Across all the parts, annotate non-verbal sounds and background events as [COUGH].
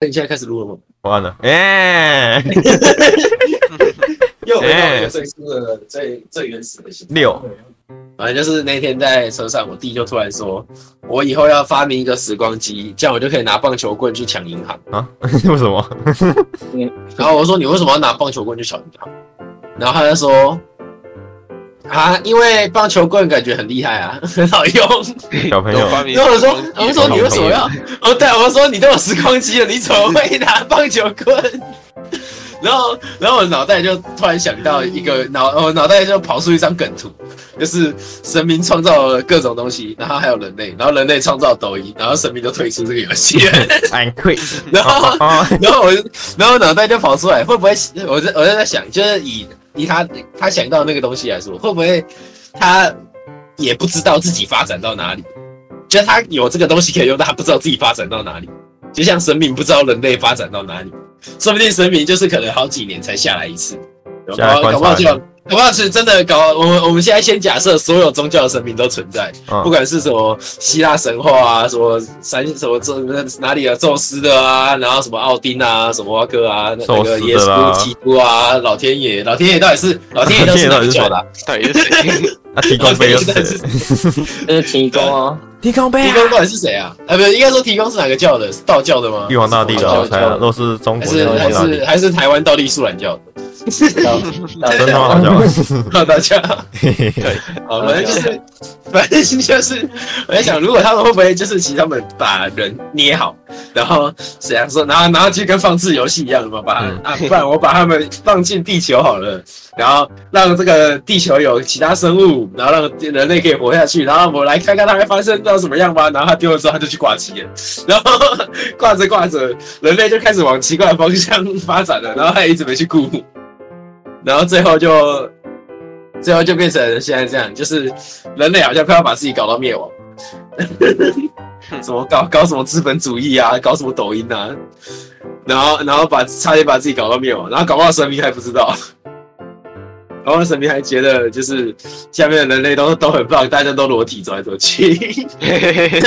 那你現在開始錄了嗎？完了，哎、欸， [LAUGHS] 又回到了最初的、欸、最最原始的。六，反正就是那天在車上，我弟就突然說：“我以後要發明一個時光機，這樣我就可以拿棒球棍去搶銀行啊！”為什麼？然後我說：“你為什麼要拿棒球棍去搶銀行？”然後他就說。啊，因為棒球棍感覺很厲害啊，很好用。小朋、 [LAUGHS] 朋、朋、朋友，然後我說，我說你為什麼要？我、oh, 對我說，你都有時光機了，你怎麼會拿棒球棍？ [LAUGHS] 然後，然後我腦袋就突然想到一個腦，我腦袋就跑出一張梗圖，就是神明創造了各種東西，然後還有人類，然後人類創造了抖音，然後神明就退出這個遊戲，慚愧。然後，然後我，然後腦袋就跑出來，會不會？我在，我就在想，就是以。以他他想到那個東西來說，會不會他也不知道自己發展到哪裡？覺得他有這個東西可以用，但他不知道自己發展到哪裡。就像神明不知道人類發展到哪裡，說不定神明就是可能好幾年才下來一次，然後搞不好就我要是真的搞，我們我們現在先假設所有宗教的神明都存在，嗯、不管是什麼希臘神話啊，什麼三什麼宙，哪裡有宙斯的啊，然後什麼奧丁啊，什麼哥啊那，那個耶穌基督啊，老天爺，老天爺到底是 [LAUGHS] 老天爺到底是誰啊，對、 [LAUGHS] 啊，提供沒有神，這是提供哦提天公、啊、天公到底是誰啊？啊、哎，不是，應該說天公是哪個教的？是道教的嗎？玉皇大帝、喔、教的，都是中國，還是還是，還是台灣道地素蘭教的？哈哈哈哈哈，素然教，素然教， [LAUGHS] 教，教， [LAUGHS] 教。對，好，反正就是，反正就是我在想，如果他們會不會就是請他們把人捏好？然後沈陽、啊、說？然後然後就跟放置遊戲一樣的嘛，把、嗯、啊不然我把他們放進地球好了，然後讓這個地球有其他生物，然後讓人類可以活下去，然後我們來看看它會發生到什麼樣吧。然後他丟了之後他就去掛機了，然後掛着掛着，人類就開始往奇怪的方向發展了，然後他也一直沒去顧，然後最後就最後就變成現在這樣，就是人類好像快要把自己搞到滅亡。呵呵怎麼搞搞什麼資本主義啊？搞什麼抖音啊？然後然後把差點把自己搞到滅亡，然後搞到神明還不知道，然後神明還覺得就是下面的人類都都很棒，大家都裸體走來走去， [LAUGHS]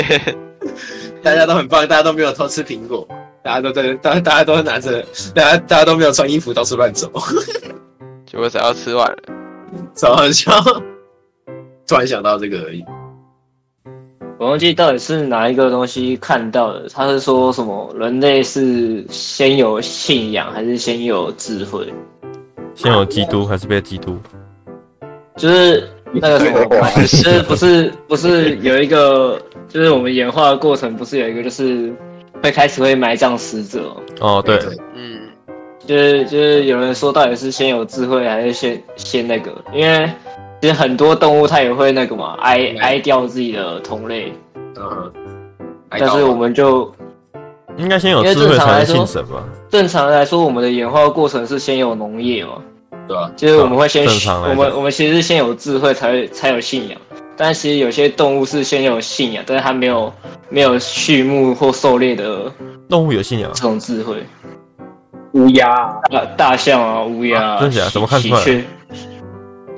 [LAUGHS] 大家都很棒，大家都沒有偷吃蘋果，大家都對，大大家都是拿着，大家大家都沒有穿衣服到處亂走，結果早要吃完了，早上突然想到這個而已。我忘記到底是哪一個東西看到的，他是說什麼？人類是先有信仰還是先有智慧？先有基督還是被基督？就是那個什麼 [LAUGHS] 就是不是不是有一個？就是我們演化的過程不是有一個？就是會開始會埋葬死者？哦，對，嗯，就是就是有人說到底是先有智慧還是先先那個？因為。其實很多動物它也會那個嘛，挨挨掉自己的同類。呃、嗯，但是我們就應該先有智慧才是信神吧。正常來說，來說我們的演化的過程是先有農業嘛？對啊，就是我們會先我們我們其實先有智慧才會才有信仰。但其實有些動物是先有信仰，但是它沒有沒有畜牧、或狩獵的動物有信仰這種智慧。烏鴉啊，大象啊，烏鴉、啊，真、啊、假？怎麼看出來？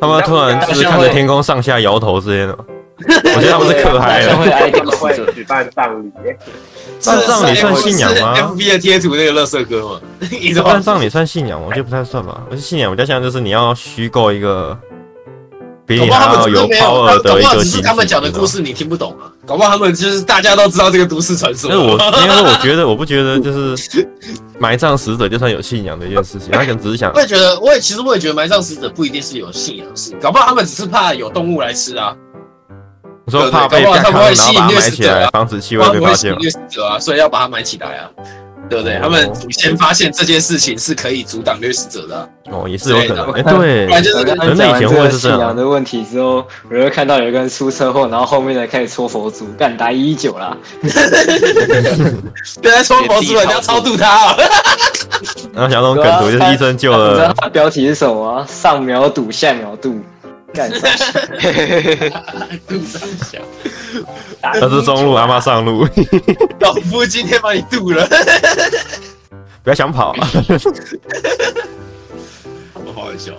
他們突然就是看着天空上下搖頭之間的， [LAUGHS] 我覺得他們是嗑嗨了。他們會舉辦葬禮，辦葬禮算信仰嗎？M V 的貼圖那個樂色哥嘛？辦葬禮算信仰，算信仰，我覺得不太算吧。不是信仰，我覺得信仰就是你要虛構一個，比你還要有 power 的一個？的只是他們講的故事你聽不懂啊。搞不好他們就是大家都知道這個都市傳說。因為我因為我覺得我不覺得就是。 [LAUGHS] 埋葬死者就算有信仰的一件事情， [LAUGHS] 他可能只是想。我也覺得，我也其實我也覺得，埋葬死者不一定是有信仰的事情，搞不好他們只是怕有動物來吃啊。我說怕被干烤，他們會吸引掠食者啊，然後把它埋起來、啊，防止氣味被發現。不會吸引掠食者啊，所以要把它埋起來啊。 [LAUGHS] 對不對？哦、他們祖先發現這件事情是可以阻擋掠食者的，哦，也是有可能，哎，對，不然就是跟那以前問信仰的問題之後，我就看到有一個人出車禍，然後後面才開始搓佛祖，幹打119啦 [LAUGHS] [LAUGHS] 別再搓佛祖了，你要超度他，啊，然 [LAUGHS] 後想那種梗圖就是醫生救了，你知道他標題是什麼啊？上秒堵，下秒堵。幹啥？肚子很小，他是中路，阿媽上路。老夫今天把你賭了，不要想跑。我好笑，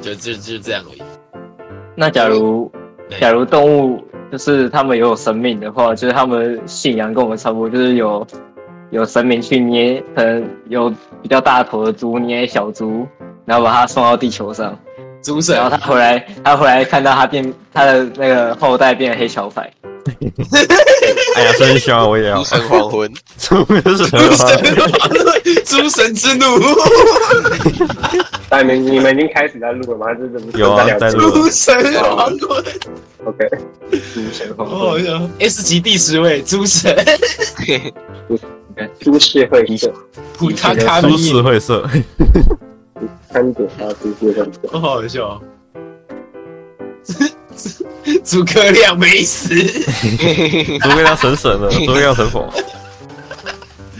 就就就是這樣而已。那假如假如動物就是他們有生命的話，就是他們信仰跟我們差不多，就是有有神明去捏，可能有比較大頭的豬捏小豬，然後把它送到地球上。諸神，然後他回來，他回來看到他變他的那個後代變得黑小白。 [LAUGHS] 哎呀，真希望我也要。諸神黃昏，諸神黃昏，諸神之怒。 [LAUGHS] 大明，你們你們已經開始在錄了嗎？有啊。諸神黃昏。OK。諸神黃昏。哦，S 級第十位，諸神。諸神，諸事會色。諸咖咖麵。諸會色。三腳啊，豬豬很醜，好搞笑！諸葛亮沒死，諸葛亮成神了，諸葛亮成佛。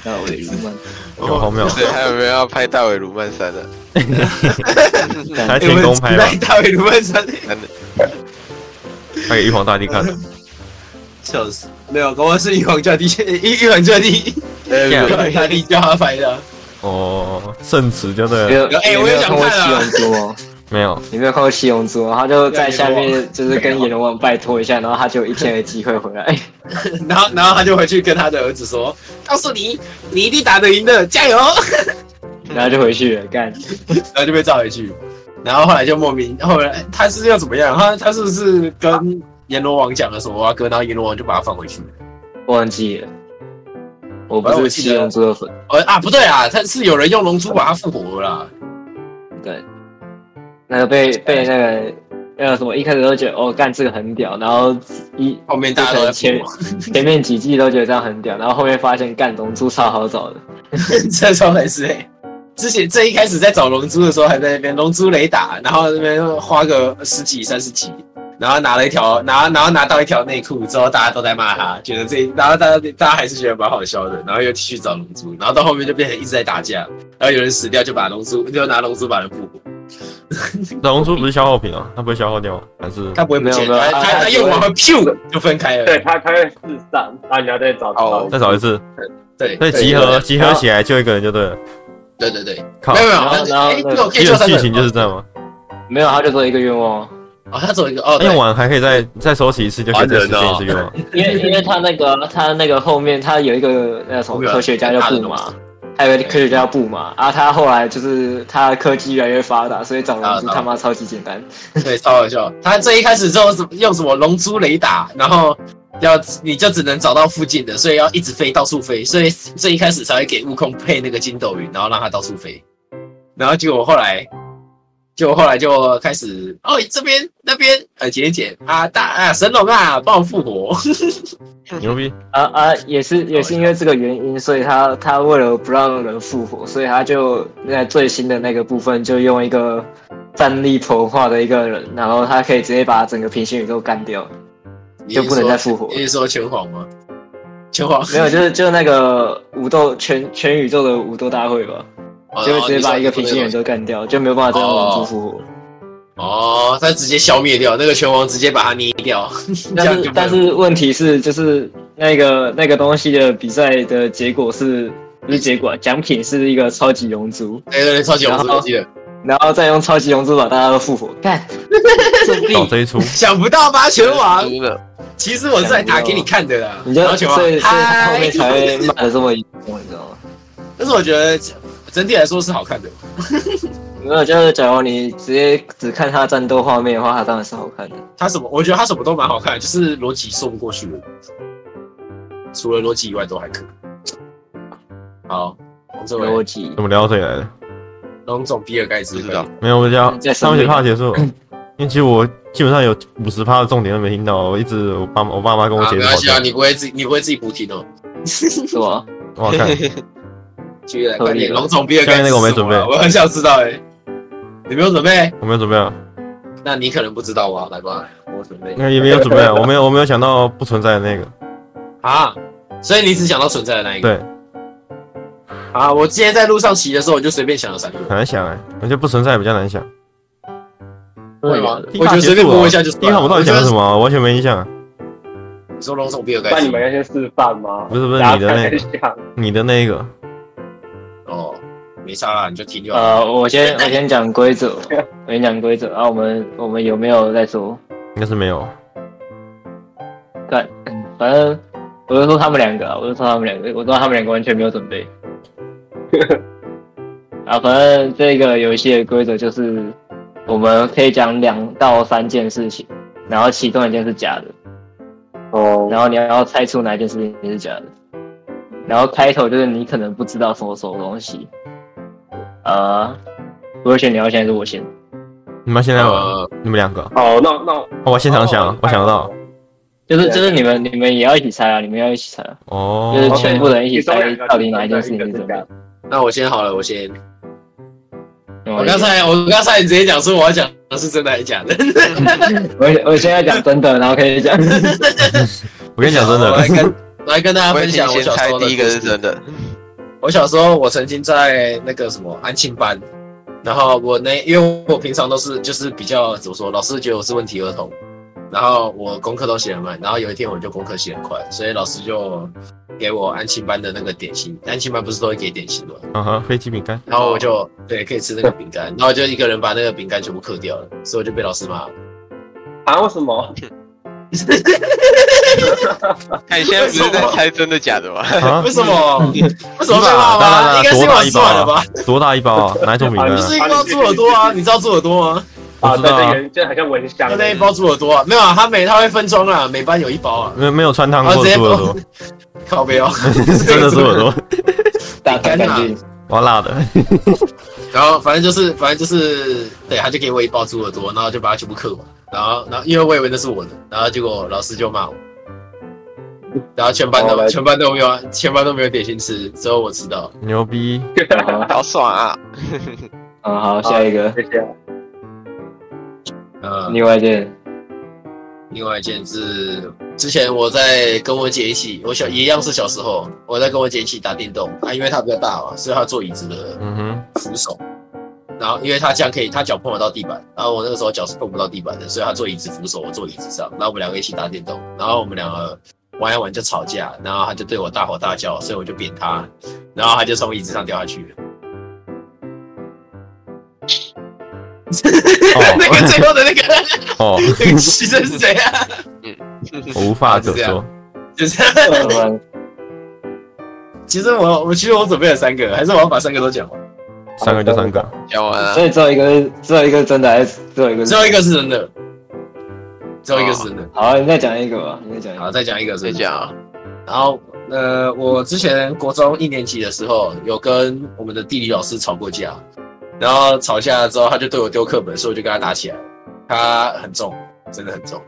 大尾鱸鰻，好妙，還有沒有要拍大尾鱸鰻三的？ [LAUGHS] 還停工拍了、欸、大尾鱸鰻山，拍給玉皇大帝看的、呃。笑死！沒有，我是玉皇，地一一皇地大帝，玉玉皇大帝，玉皇大帝叫他拍的。哦，聖子就是。沒有，哎、欸，我看有看過七《七龍珠》哦。沒有，你沒有看過《七龍珠》嗎？他就在下面，就是跟閻羅王，王拜託一下，然後他就一天的機會回來。 [LAUGHS] 然後，然後他就回去跟他的兒子說：“告 [LAUGHS] 訴你，你一定打得贏的，加油！” [LAUGHS] 然後就回去幹， [LAUGHS] 然後就被召回去。然後後來就莫名，後來他是要怎麼樣？他他是不是跟閻羅王講了什麼話、啊？哥，然後閻羅王就把他放回去。忘記了。我不是七龍珠的粉，呃啊，不對啊，他是有人用龍珠把他復活了，對，那個被被那個那個什麼，一開始都覺得哦幹這個很屌，然後一後面大家前前面幾季都覺得這樣很屌，然後後面發現幹龍珠超好找的， [LAUGHS] 這種還是、欸，之前這一開始在找龍珠的時候還在那邊龍珠雷達，然後那邊花個十幾三十幾。然後拿了一條，然後然後拿到一條內褲之後，大家都在罵他，覺得這，然後大家大家還是覺得蠻好笑的。然後又繼續找龍珠，然後到後面就變成一直在打架，然後有人死掉就把龍珠，就拿龍珠把人復活。龍珠不是消耗品哦、啊，它不會消耗掉，還是它不會不沒有因為，它、啊、它用完就就分開了，他對它它會四散，大家再找哦，再找一次，對，對所以集合集合起來救一個人就對了，對對對，沒有沒有，然劇情就是這樣嗎？沒有，他就做一個願望。哦、他走一個二，哦、用完還可以再再收集一次，就可以再繼、哦、 [LAUGHS] 因為因為他那個他那個後面他有一個那個、什麼科學家叫布瑪，還有，有一個科學家叫布瑪。啊，他後來就是他科技越來越發達，所以找龍珠他媽超級簡單，對，超好笑。 [LAUGHS] 他最一開始之後用什麼龍珠雷達，然後要你就只能找到附近的，所以要一直飛到處飛。所以最一開始才會給悟空配那個筋斗雲，然後讓他到處飛。然後結果後來。就後來就開始哦，這邊那邊呃、減、嗯、減啊大啊，神龍啊，幫我復活，牛 [LAUGHS] 逼那邊 [LAUGHS] 啊啊！也是也是因為這個原因，所以他他為了不讓人復活，所以他就在最新的那個部分就用一個戰力膨化的一個人，然後他可以直接把整個平行宇宙幹掉，就不能再復活。你，你說拳皇嗎？拳皇 [LAUGHS] 沒有，就是就是那個武鬥全全宇宙的武鬥大會吧。就會直接把一個平行人都幹掉，哦，就，就沒有辦法讓龍珠復活。哦，哦，哦，哦，哦，哦，哦，他直接消滅掉那個拳王，直接把他捏掉。 [LAUGHS] 但是但是問題是，就是那個那個東西的比賽的結果是，不是結果？獎品是一個超級龍珠，欸、對，對對，超級龍珠，然後再用超級龍珠把大家都復活。勝 [LAUGHS] 利，想不到吧，拳王？ [LAUGHS] 其實我是打給你看的啦，你就所以所以他後面才罵了這麼一通， [LAUGHS] 你知道嗎？但是我覺得。整體來說是好看的。 [LAUGHS] 沒有，就是假如你直接只看他戰鬥畫面的話，他當然是好看的。他什麼？我覺得他什麼都蠻好看的，就是邏輯說不過去了。除了邏輯以外都還可以。 [COUGHS] 好，我王志偉，怎麼聊到這來了？龍總，比爾蓋茨知道，知道沒有？我叫、嗯、上一趴結束，因為， [LAUGHS] 因為其實我基本上有五十趴的重點都沒聽到，我一直我爸我爸媽跟我講、啊、沒關係啊，你不會自你不會自己補聽哦，是嗎？我好看。 [LAUGHS] 繼續來關鍵龍總幣的概念，我沒準備我，我很想知道哎、欸，你沒有準備？我沒有準備，啊那你可能不知道吧，來吧，我準備。那也沒有準備， [LAUGHS] 我沒有，我沒有想到不存在的那個啊，所以你只想到存在的那一個對。啊，我今天在路上騎的時候，我就隨便想了三個，很難想哎、欸，而且不存在比較難想，會嗎？啊、我覺得隨便摸一下就是。第一我到底想了什麼、啊？我我完全沒印象、啊。你說龍總幣的概念。那你們要先示範嗎？不是不是你的那，你的那個。哦、oh,，沒殺啊，你就聽就好了、呃。我先我先講規則，我先講規則啊。我們我們有沒有在說？應該是沒有。對，反正我就說他們兩個，我就說他們兩個，我知道他們兩個完全沒有準備。 [LAUGHS] 啊，反正這個遊戲的規則就是，我們可以講兩到三件事情，然後其中一件是假的。哦、oh.。然後你要猜出哪一件事情是假的。然後開頭就是你可能不知道什麼什麼東西，呃，我先，你要先，還是我先？你們現在、呃，你們兩個？Oh, no, no, 哦，那那我先想想，oh, 我想得到，oh, 就是就是你們你們也要一起猜啊，你們要一起猜哦、啊，oh, 就是全部人一起猜 okay, 到底哪一件事情是真的？那我先好了，我先。我剛才我剛才直接講是我要講的是真的還是假的？ [LAUGHS] 我我現在講真的，然後可以講。 [LAUGHS] 我跟你講真的。來跟大家分享我小時候，第一個是真的。我小時候我曾經在那個什麼安親班，然後我那因為我平常都是就是比較怎麼說，老師覺得我是問題兒童，然後我功課都寫得慢，然後有一天我就功課寫得快，所以老師就給我安親班的那個點心，安親班不是都會給點心嗎？啊哈，飛機餅乾，然後我就對可以吃那個餅乾，然後就一個人把那個餅乾全部嗑掉了，所以我就被老師罵。啊為什麼？哈哈哈哈哈！你現在是在猜真的假的嗎？為什麼？為什麼？大吧、 [LAUGHS] 啊啊啊啊啊？多大一包、啊？多大一包、啊？哪種餅乾？不、啊、是一包豬耳朵啊？你知道豬耳朵嗎、啊啊？我知道，就好像蚊香。那一包豬耳朵、啊、沒有、啊，它每它會分裝啊，每班有一包啊，沒有沒有川燙過的豬耳朵。靠北啊！真的豬耳朵，打 [LAUGHS] 開 [LAUGHS] 好辣的， [LAUGHS] 然後反正就是，反正就是，對，他就給我一包豬耳朵，然後就把它全部嗑完，然後，然後因為我以為那是我的，然後結果老師就罵我，然後全班都、哦，全班都沒有，全班都沒有點心吃，只有我吃到，牛逼， [LAUGHS] 好爽啊， [LAUGHS] 嗯，好，下一個，謝謝，呃，另外一件。另外一件事，之前我在跟我姐一起，我小也一樣是小時候，我在跟我姐一起打電動。啊，因為她比較大嘛，所以她坐椅子的扶手，嗯哼。然後因為她這樣可以，她腳碰得到地板，然後我那個時候腳是碰不到地板的，所以她坐椅子扶手，我坐椅子上，然後我們兩個一起打電動，然後我們兩個玩一玩就吵架，然後她就對我大吼大叫，所以我就扁她，然後她就從椅子上掉下去了。 [LAUGHS] 哦、 [LAUGHS] 那個最後的那個，哦，犧 [LAUGHS] 牲 [LAUGHS] 是誰啊？嗯，無話可說、啊。就是，就是、 [LAUGHS] 其實我，我其實我準備了三個，還是我要把三個都講完？三個就三個，講、啊、完。所以最後一個，最後一個真的，還是最後一個，最後一個是真的，最後一個是真的。哦、最後一個是真的。好，你再講一個吧，你再講。好，再講一個，再講。然後，呃，我之前國中一年級的時候，有跟我們的地理老師吵過架。然後吵架了之後，他就對我丟課本，所以我就跟他打起來。他很重，真的很重。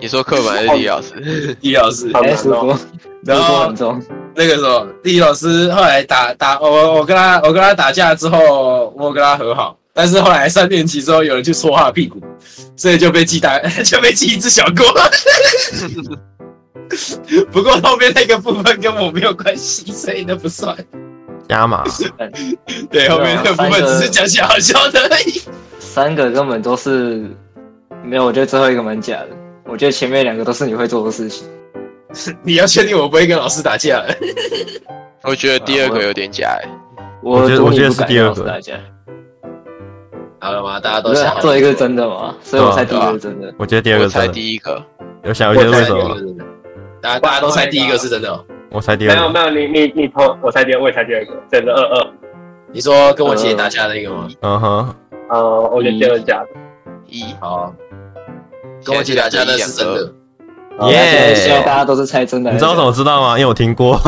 你說課本還是地理老師， [LAUGHS] 地理老師很重，然後那個時候地理老師後來打打我，我跟他我跟他打架之後，我跟他和好。但是後來三年級之後，有人去戳他屁股，所以就被記單，就被記一只小過。 [LAUGHS] 不過後面那個部分跟我沒有關係，所以那不算。加碼？對，後面那部分、啊、只是講好笑的而已。三個根本都是沒有，我覺得最後一個蠻假的。我覺得前面兩個都是你會做的事情。你要確定我不會跟老師打架？ [LAUGHS] 我覺得第二個有點假、欸、我覺得我覺得是第二個。好了嗎？大家都想做一個真的嗎？所以我猜第一個是真的。啊、我覺得第二個。才第一個。有想過為什麼大家大家都猜第一個是真的、喔。我猜第二，沒有沒有，你你你偷，我猜第二，我也猜第二個，這是二二。你說跟我姐打架那個嗎？嗯、呃、哼，嗯、uh -huh.，uh, 我覺得第二個假的。一、e. 好，跟我姐打架的是真的。耶，yeah! 哦、希望大家都是猜真的。Yeah! 你知道怎麼知道嗎？因為我聽過。 [LAUGHS]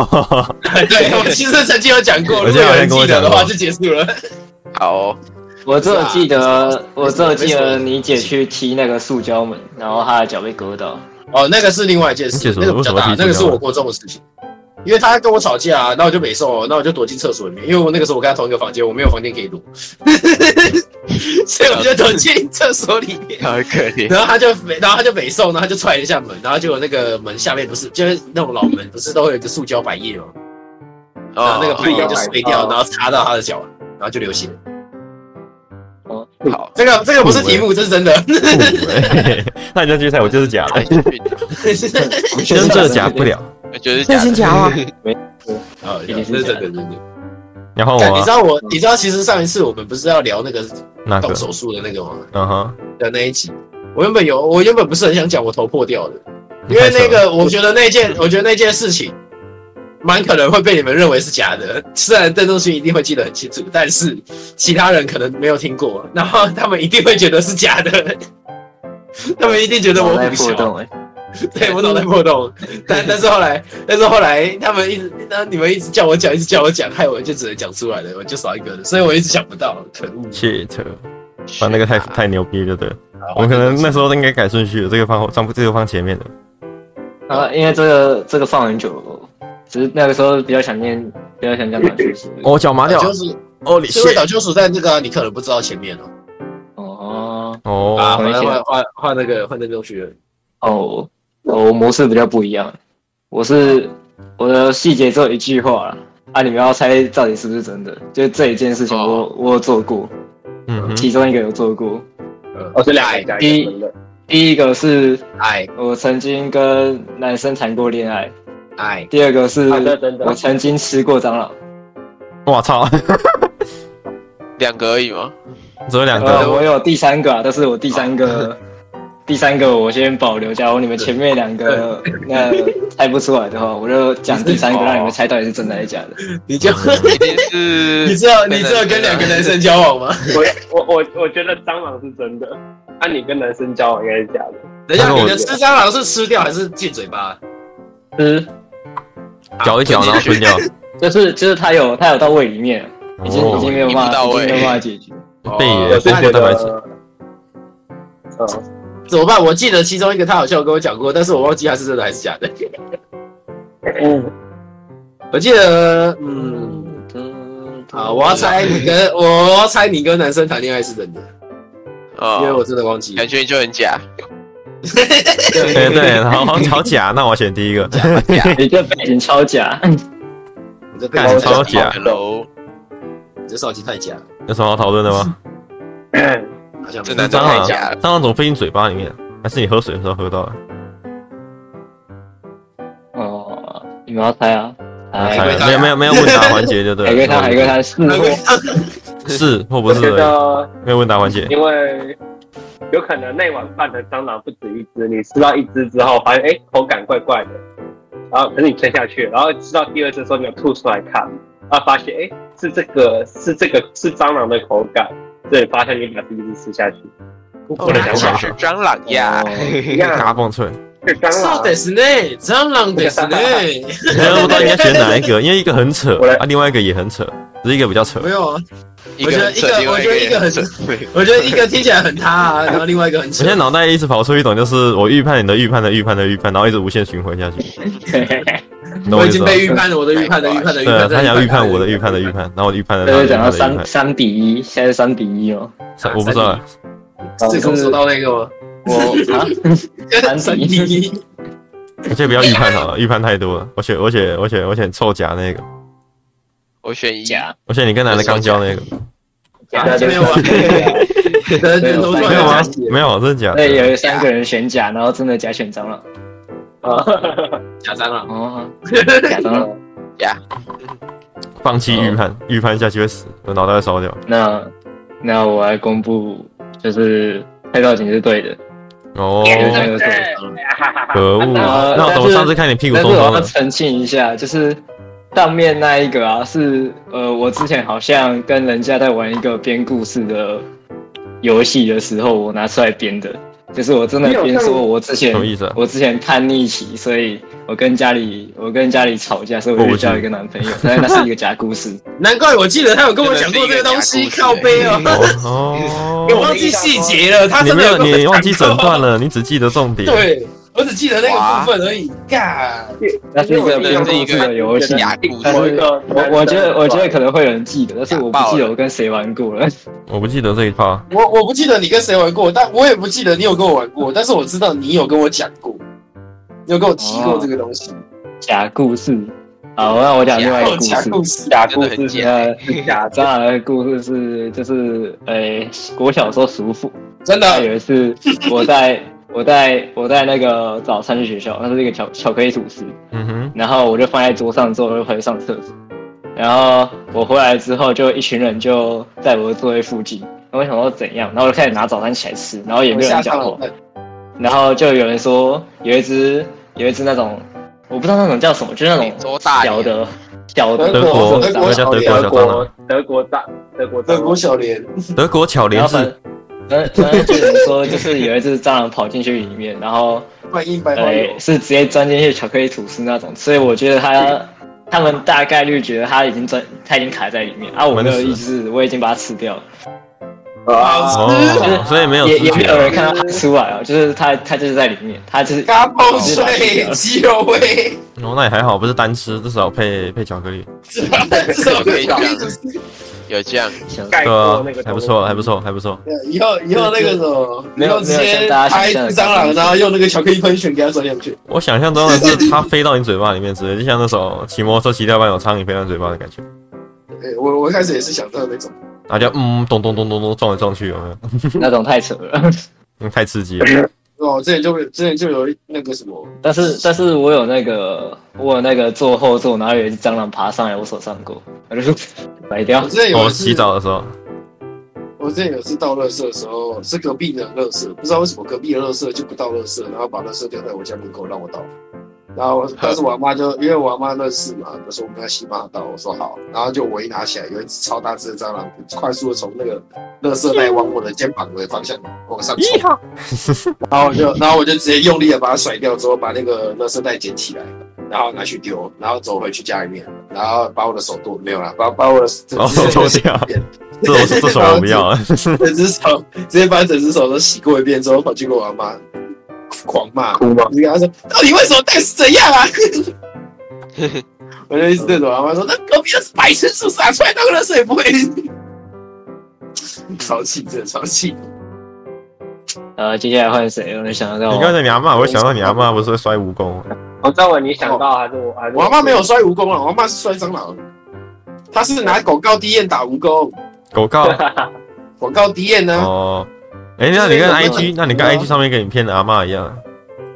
[LAUGHS] 對我其實曾經有講過， [LAUGHS] 如果有人記得的話就結束了。 [LAUGHS] 好，啊、我只有記得，啊、我只有記得你姐去踢那個塑膠門，然後她的腳被割到。哦，那個是另外一件事，那個不是我姐， [LAUGHS] 那個是我過重的事情。 [LAUGHS] 因為他跟我吵架，啊，然後我就沒送，然後我就躲進廁所裡面。因為我那個時候我跟他同一個房間，我沒有房間可以躲， [LAUGHS] 所以我就躲進廁所裡面。好可憐。然後他就沒，然後他就沒送，然後他就踹了一下門，然後就有那個門下面不是就是那種老門，不是都會有一個塑膠百葉嘛，哦。然後那個百葉就碎掉，然後插到他的腳，然後就流血。哦，好，這個這個不是題目，這是真的。那你就繼續猜， [LAUGHS] 我就是假的。 [LAUGHS] 我假的 [LAUGHS] [LAUGHS] 我真的假不了。就是假，這是假、啊，沒，啊、是然後我，你知道我，你知道，其實上一次我們不是要聊那個、那個、動手術的那個嗎？嗯哼。的那一集，我原本有，我原本不是很想講我頭破掉的，因為那個我那，我覺得那件，我覺得那件事情，蠻、嗯、可能會被你們認為是假的。雖然鄧中勳一定會記得很清楚，但是其他人可能沒有聽過，然後他們一定會覺得是假的，他們一定覺得我很小。很動、欸對，我懂，我 [LAUGHS] 懂，但但是後來， [LAUGHS] 但是後來，他們一直，那你們一直叫我講，一直叫我講，害我就只能講出來了，我就少一個了，所以我一直想不到可惡。切扯，反正那個太太牛逼對了，對、啊。我們可能那時候應該改順序了，這個放上，這個放、這個、前面的。啊，因為這個這個放很久了，只是那個時候比較想念，比較想講馬秋實。哦，講麻掉就是哦，你因為馬秋實在那個你可能不知道前面了哦。哦哦啊，換換換換那個換那個東西、嗯、哦。哦、我模式比較不一樣，我是我的細節只有一句話啊，你們要猜到底是不是真的？就這一件事情我，我、哦、我有做過，嗯，其中一個有做過，我、嗯哦、這兩個，哎、第一、哎、第一個是哎，我曾經跟男生談過戀愛，哎，第二個是、啊、我曾經吃過蟑螂，我操， [LAUGHS] 兩個而已嗎？只有兩個，呃、我有第三個啊，但是我第三個。哦第三個我先保留，假如你們前面兩個那個猜不出來的話，我就講第三個，讓你們猜到底是真的還是假的。 [LAUGHS] 你就是、 [LAUGHS] 你知道你知道跟兩個男生交往嗎？ [LAUGHS] 我我我我覺得蟑螂是真的。那、啊、你跟男生交往應該是假的。等一下、啊，你的吃蟑螂是吃掉 [LAUGHS] 還是進嘴巴？嗯、就是，嚼一嚼然後吞掉。就是就是它有它 [LAUGHS] 有到胃裡面，哦、已經已經沒有辦法解決，被那個蛋白質。嗯。怎麼辦？我記得其中一個他好像有跟我講過，但是我忘記他是真的還是假的。 [LAUGHS] 嗯，我記得，嗯嗯，嗯，好嗯，我要猜你跟，嗯、我猜你跟男生談戀愛是真的，嗯，因為我真的忘記，感覺就很假。對 [LAUGHS] 對，好 [LAUGHS] 好，超假，那我選第一個，你這個本人超假，你這背景超假，hello，這手機太假，有什麼好討論的嗎？ [LAUGHS] [LAUGHS] 蟑螂，蟑螂怎麼飛進嘴巴裡面？還是你喝水的時候喝到了？哦，你們要猜啊？猜沒有，沒有，沒有問答環節的，對吧？海龜湯，海龜 [LAUGHS] 湯，是，是 [LAUGHS] 或不是？沒有問答環節，因為有可能那碗飯的蟑螂不止一隻，你吃到一隻之後，發現哎、欸、口感怪怪的，然後可是你吞下去，然後吃到第二隻時候，你又吐出來看，啊，發現哎、欸是，這個、是這個，是這個，是蟑螂的口感。對，發八槍就把一子吃下去。哪、哦、槍是蟑螂呀、啊？嘎嘣脆。這蟑螂。這到是蟑螂，這、嗯、是哪？我 [LAUGHS] 不知道應該選哪一個，因為一個很扯啊，另外一個也很扯，只是一個比較扯。沒有我覺得一個，我覺得一個很扯。我覺得一個聽起來很塌、啊， [LAUGHS] 然後另外一個很扯。扯我現在腦袋一直跑出一種，就是我預判你的預判的預判的預判，然後一直無限循環下去。 [LAUGHS] No、我已經被預判了，我的預判的預判的預判的對、啊。他想要預判我的預判的預判的。那我預判的。對，講到三三比一，現在三比一哦。啊、3, 我不知道、啊。最終說到那個嗎？我三三、啊、比一。我先不要預判好了，預 [LAUGHS] 判太多了。我選我選我選我選，我選臭甲那個。我選一甲。我選你跟男的剛交那個。沒有嗎？沒有真的假對對對？對，有三個人選甲、啊，然後真的假選蟑螂假 [LAUGHS] 髒了，哈，假髒了呀 [LAUGHS] 假！髒了笑 yeah，放棄預判，哦，預判一下就會死， [LAUGHS] 我腦袋會燒掉那。那那我來公布，就是拍照景是對的。哦，可惡、啊啊！那我上次看你屁股紅了。但是我要澄清一下，就是當面那一個啊，是呃，我之前好像跟人家在玩一個編故事的遊戲的時候，我拿出來編的。就是我真的譬如說，我之前、啊、我之前叛逆期，所以我跟家裡我跟家裡吵架，所以我就交一個男朋友。但是那是一個假故事。 [LAUGHS] 故事 [LAUGHS] 難怪我記得他有跟我講過這個東西、欸、靠背、喔、嗯、 [LAUGHS] 哦，你忘記細節了。他沒有，你忘記診斷了，你只記得重點。對。我只記得那個部分而已。尬，那個、是一、那個偏故事的遊戲。我我我覺得我覺得可能會有人記得，但是我不記得我跟誰玩過了。我不記得這一套。我我不記得你跟誰玩過，但我也不記得你有跟我玩過。但是我知道你有跟我講過，你有跟我提過這個東西。哦、假故事。好，那我講另外一個故事。假故事，假故事的。真的很簡單欸。呃、欸，假假的故事是就是，誒、欸，我 [LAUGHS] 小時候舒服。真的、啊。有一次我在。 [LAUGHS] 我在我在那個早餐的學校，那是一個巧巧克力吐司，嗯哼，然後我就放在桌上之後，我就回去上廁所，然後我回來之後，就一群人就在我座位附近，我想說怎樣，然後我就開始拿早餐起來吃，然後也沒有人講話。然後就有人說有一隻有一隻那種，我不知道那種叫什麼，就是那種小的小，的小的德國德國德國德國德國小蠊德國巧蠊是 [LAUGHS] 呃， [LAUGHS] 就是說，就是有一隻蟑螂跑進去裡面，然後，對、 [LAUGHS] 呃，是直接鑽進去巧克力吐司那種，所以我覺得他，他們大概率覺得他已經鑽，他已經卡在裡面啊。我的意思是，我已經把它吃掉了。Oh, 哦，所以沒有也也沒有看到他出來啊。就是他他就是在裡面，他就是嘎嘣脆，雞肉味。哦，那也還好，不是單吃，至少配配巧克力，至少至少可以有醬，香。對，還不錯，還不錯，還不錯。以後以後那個什麼，以後直接拍只蟑螂，然後用那個巧克力噴泉給它噴進去。我想象中的就是它飛到你嘴巴裡面， [LAUGHS] 直接就像那時候騎摩托騎到半路有蒼蠅飛到嘴巴的感覺。對，我我開始也是想到那種。大、啊、家嗯咚咚咚咚咚撞來撞去有沒有？那種太扯了、 [LAUGHS] 嗯，太刺激了。哦，之前就會，之前就有那個什麼，但是但是我有那個，我有那個坐後座，哪裡有蟑螂爬上來我手上過，我就甩掉。我、哦、洗澡的時候，我之前有次倒垃圾的時候是隔壁的垃圾，不知道為什麼隔壁的垃圾就不倒垃圾，然後把垃圾丟在我家門口讓我倒。然後我但是我媽就因為我媽熱食嘛，我說我跟她洗嘛，到我說好，然後就我一拿起來，有一隻超大隻的蟑螂，快速的從那個垃圾袋往我的肩膀的方向往上衝，然後我就然後我就直接用力的把它甩掉，之後把那個垃圾袋撿起來，然後拿去丟，然後走回去家裡面，然後把我的手剁，沒有了，把把我的整隻手剁。掉、哦，這這手我不要了，這 [LAUGHS] 隻手直接把整隻手都洗過一遍之後，跑去給我阿媽。狂罵、啊，你跟他說，到底為什麼？但是怎樣啊？ [LAUGHS] 我就一直對著我阿媽說：“那隔壁是百城樹，啊，出來當個熱水鬼。 [LAUGHS] ”超氣，這超氣。呃，接下來換誰？我能想到、欸，你剛才你阿媽，我想到你阿媽不是會摔蜈蚣？我趙偉，你想到還是我、哦？我阿媽沒有摔蜈蚣啊、喔，我阿媽是摔蟑螂。她是拿狗告低燕打蜈蚣，狗糕， [LAUGHS] 狗告低燕呢？哦哎、欸，那你跟 IG，那你跟 IG 上面一個影片的阿嬤一樣，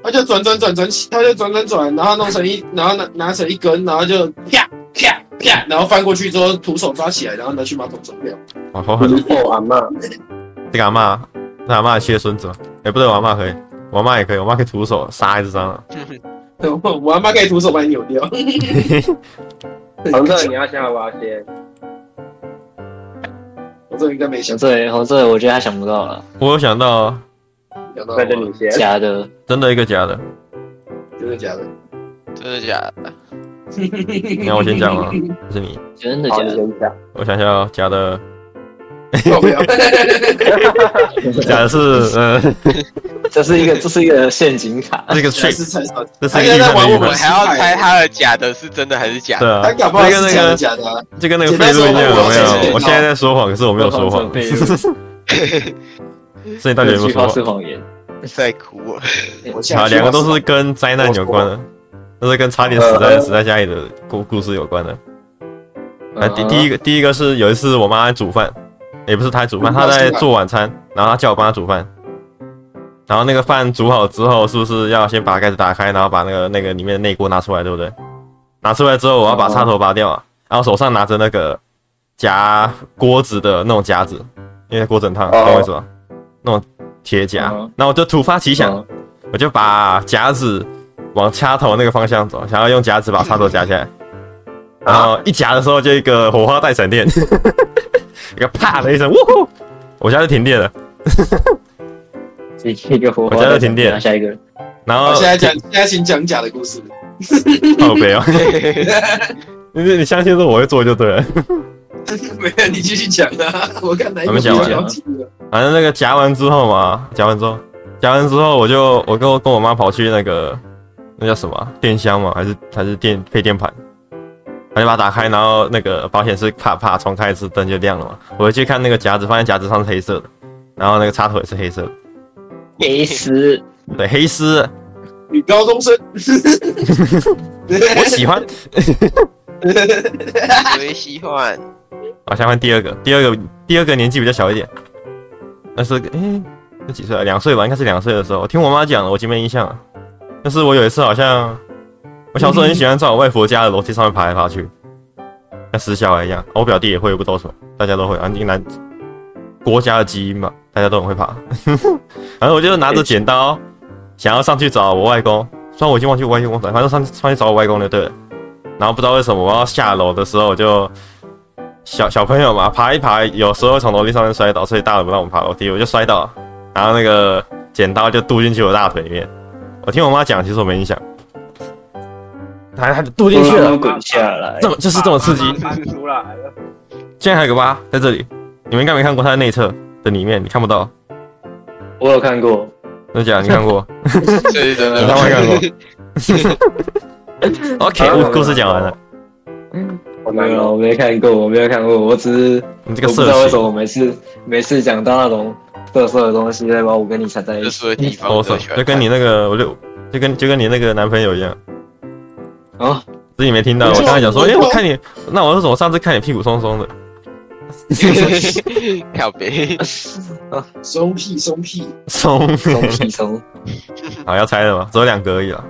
他就轉轉轉轉，起，他就轉轉轉，然後弄成一，然後拿拿成一根，然後就啪啪啪，然後翻過去之後，徒手抓起來，然後拿去馬桶沖掉。哇，好狠的阿嬤。這個阿嬤，那、這個、阿媽是孫子，哎、欸，不對，我阿嬤可以，我阿嬤也可以，我媽可以徒手殺一隻蟑螂。我阿嬤可以徒手把你扭掉。皇 [LAUGHS] 上，你要下先，我要先。這應該沒想到，紅色，我覺得他想不到了。我有想到啊，想到的假的，真的一個假的，嗯、真的，假的， [LAUGHS] 真的，假，的假的，真的假的。你要我先講嗎？是你。真的假？假？我想想假的。哦、沒有 [LAUGHS] 假的是呃，這是一個這是一個陷阱卡。這是一個陷阱卡。我還要猜他的假的是真的還是假的？對啊，就跟那個，就跟那個，啊，悖論一樣有沒有，我現在在說謊，可是我沒有說謊。呵呵呵，所以你到底有沒有說謊是在哭啊！兩個都是跟災難有關的，都，就是跟差點死在死在家裡的故故事有關的。第，啊、第一個 [LAUGHS] 第一個是有一次我媽煮飯。也不是他煮飯，他在做晚餐，然後他叫我幫他煮飯。然後那個飯煮好之後，是不是要先把蓋子打開，然後把那個那個裡面的內鍋拿出來，對不對？拿出來之後，我要把插頭拔掉啊、哦。然後手上拿着那個夾鍋子的那種夾子，因為鍋很燙，懂我意思吧？那種鐵夾。那、哦、我就突發奇想，哦、我就把夾子往插頭那個方向走，想要用夾子把插頭夾起來、嗯。然後一夾的時候，就一個火花帶閃電。嗯 [LAUGHS] 一個啪的一聲，嗚呼！我家就停電了，直 [LAUGHS] 在，在就我家停電了，下一個。然後停我現在講，現在請講假的故事。好悲啊！ [LAUGHS] 你你相信是我會做就對了。 [LAUGHS] 沒有，你繼續講啊！我剛才講完、啊、了。反正那個夾完之後嘛，夾完之後，夾完之後我就我跟我跟我媽跑去那個那叫什麼電箱嘛，還是還是電配電盤。我就把它打開，然後那個保險絲啪啪重開一次，燈就亮了嘛。我回去看那個夾子，發現夾子上是黑色的，然後那個插頭也是黑色的。黑絲對黑絲，女高中生， [LAUGHS] [LAUGHS] 我喜歡， [LAUGHS] 我也喜歡。好，切換第二個，第二個第二個年紀比較小一點，那是嗯，那、欸、幾歲啊？兩歲吧，應該是兩歲的時候。我聽我媽講的，我記沒印象了。但是我有一次好像。我小時候很喜歡在我外婆家的樓梯上面爬來爬去，像死小孩一樣，哦。我表弟也會，不知道什麼，大家都會，反正男國家的基因嘛，大家都很會爬。反 [LAUGHS] 正我就拿着剪刀，想要上去找我外公，雖然我已經忘記我外公在哪，反正上上去找我外公就對了，然後不知道為什麼，我要下樓的時候，我就小小朋友嘛，爬一爬，有時候會從樓梯上面摔倒，所以大人不讓我們爬樓梯，我就摔倒，然後那個剪刀就嘟進去我大腿裡面。我聽我媽講，其實我沒印象。還他就躲進去了，滾下來，這麼就是這麼刺激。現在還有個疤在這裡，你們應該沒看過它的內側的裡面，你看不到。我有看過。真的假的？你看過？你在看過。 [LAUGHS] [LAUGHS] OK，故故事講完了。我沒有，我沒看過，我沒有看過，我只是。你這個色，畜。每次每次講到那種特色的東西，然後我跟你才在一起。就地方。就跟你那個，我就就跟就跟你那個男朋友一樣。哦、啊，自己沒聽到沒，我剛才講說，誒、欸、我看你，那我為什麼上次看你屁股鬆松的？吊 [LAUGHS] 鼻，鬆、啊、屁鬆屁鬆屁鬆，好，要猜了嗎？只有兩個而已啦。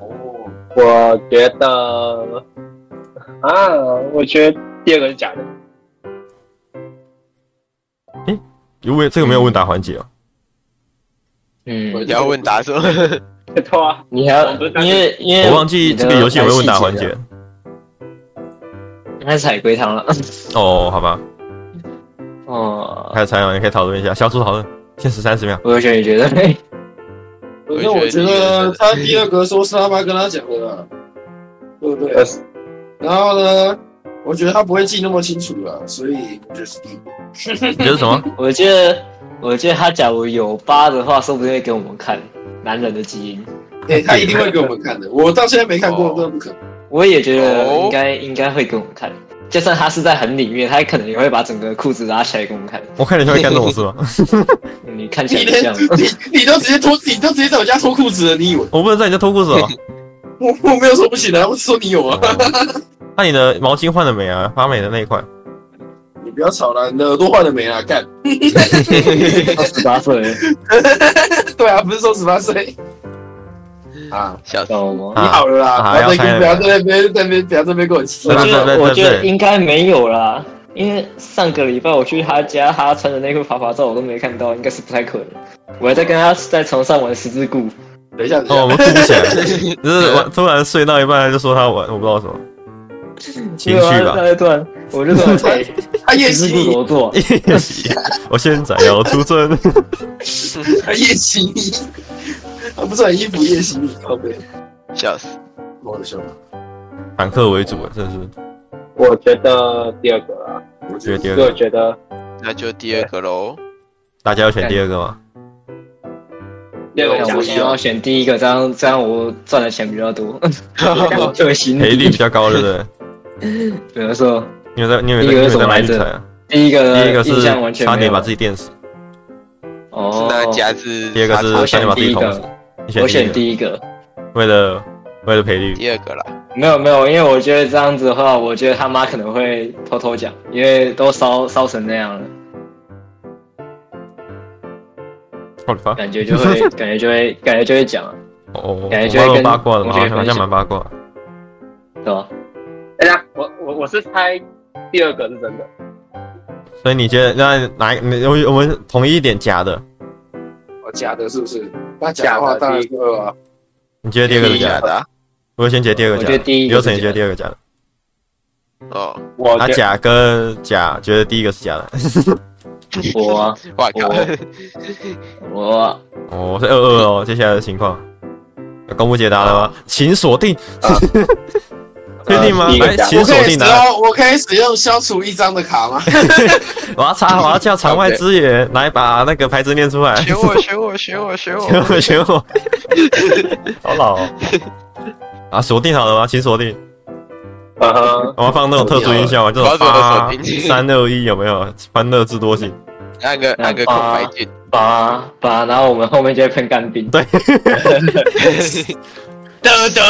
哦，我覺得啊，我覺得第二個是假的。哎、欸，有問這個沒有問答環節哦。嗯，我要問答是 [LAUGHS] 偷啊！你還要因為因為，我忘記這個遊戲有沒有問答環節。應該是海龜湯了。哦，oh, 好吧。哦，還有採訪，你可以討論一下，小組討論，限時三十秒。我有也覺得。因為我覺得他第二個說是他爸跟他講的，對不對？ [LAUGHS] 然後呢，我覺得他不會記那麼清楚了，所以就是第五。你覺得什麼？ [LAUGHS] 我覺得，我覺得他假如有八的話，說不定會給我們看。男人的基因、欸，他一定會給我們看的。我到現在沒看過，那不可能。我也覺得應該應該會給我們看。就算他是在很裡面，他也可能也會把整個褲子拉起來給我們看。欸、我看你就會看褲是吧？你看起來像，你你你都直接脫，你都直接在我家脫褲子了。你以為？我不能在你家脫褲子啊、哦！我我沒有說不行啊，我是說你有啊。那、哦啊、你的毛巾換了沒啊？發霉的那一塊。你不要吵了，你的耳朵換了沒啊？幹，28歲， [LAUGHS] 對啊，不是說十八歲啊，小東、啊，你好了啦，啊不再啊猜猜，不要在那邊、在邊、不要在給我氣。我覺得，我覺得應該沒有啦，因為上個禮拜我去他家，他穿的那個爬爬照我都沒看到，應該是不太可能。我還在跟他在床上玩十字固，等一下，等一下哦，我們固不起來， [LAUGHS] 是突然睡到一半就說他玩，我不知道什麼情緒吧，我這個在、 [LAUGHS] 啊、夜襲羅座，我現在要出征， [LAUGHS] 啊、夜襲、 [LAUGHS] 啊，不穿衣服夜襲，OK，笑死，我的兄弟，坦克為主，真是，是，我覺得第二個啦，我覺得，第二個我覺得，那就第二個嘍，大家要選第二個嗎？第二個，我希望選第一個，這樣這樣我賺的錢比較多，這樣賠率比較高，對不對？比如說。因為這，有，為個，因為什麼來着？第一個，一個、啊，第一個是差點把自己電死。哦、oh,。第二個是。第二個是。我選第，選第一個。我選第一個。為了為了賠率。第二個啦。沒有沒有，因為我覺得這樣子的話，我覺得他媽可能會偷偷講，因為都燒燒成那樣了。到、oh, 底感， [LAUGHS] 感覺就會，感覺就會，感覺就會講、啊。哦、oh,。感覺就會講八卦的嘛，好像蠻八卦的。什麼？大家，我我我是猜。第二個是真的，所以你覺得那哪你我我們同意一點假的，哦假的是不是？那假，假的話，第一個、啊，你覺得第二個是假的、啊？我先覺得第二個假的，劉、哦、晨覺，覺得第二個假的，哦，那甲、啊、跟甲覺得第一個是假的，我、啊、我 [LAUGHS] 我、啊我啊哦，是二二哦，接下來的情況，有公布解答了嗎？啊、請鎖定。啊 [LAUGHS] 確定嗎？來，請鎖定。我可我可以使用消除一張的卡嗎？ [LAUGHS] 我要插，我要叫場外資源、okay. 來把那個牌子念出來。選我，選我，選我，選我，選我，選我。好老、喔、 [LAUGHS] 啊！鎖定好了嗎？請鎖定。呃、uh，我要放那種特殊音效，uh, 定好了就發三六一，有沒有？歡樂智多星。那個，那個空白鍵八八,八。然後我們後面就會噴乾冰。對。 [LAUGHS] [LAUGHS] 噔噔。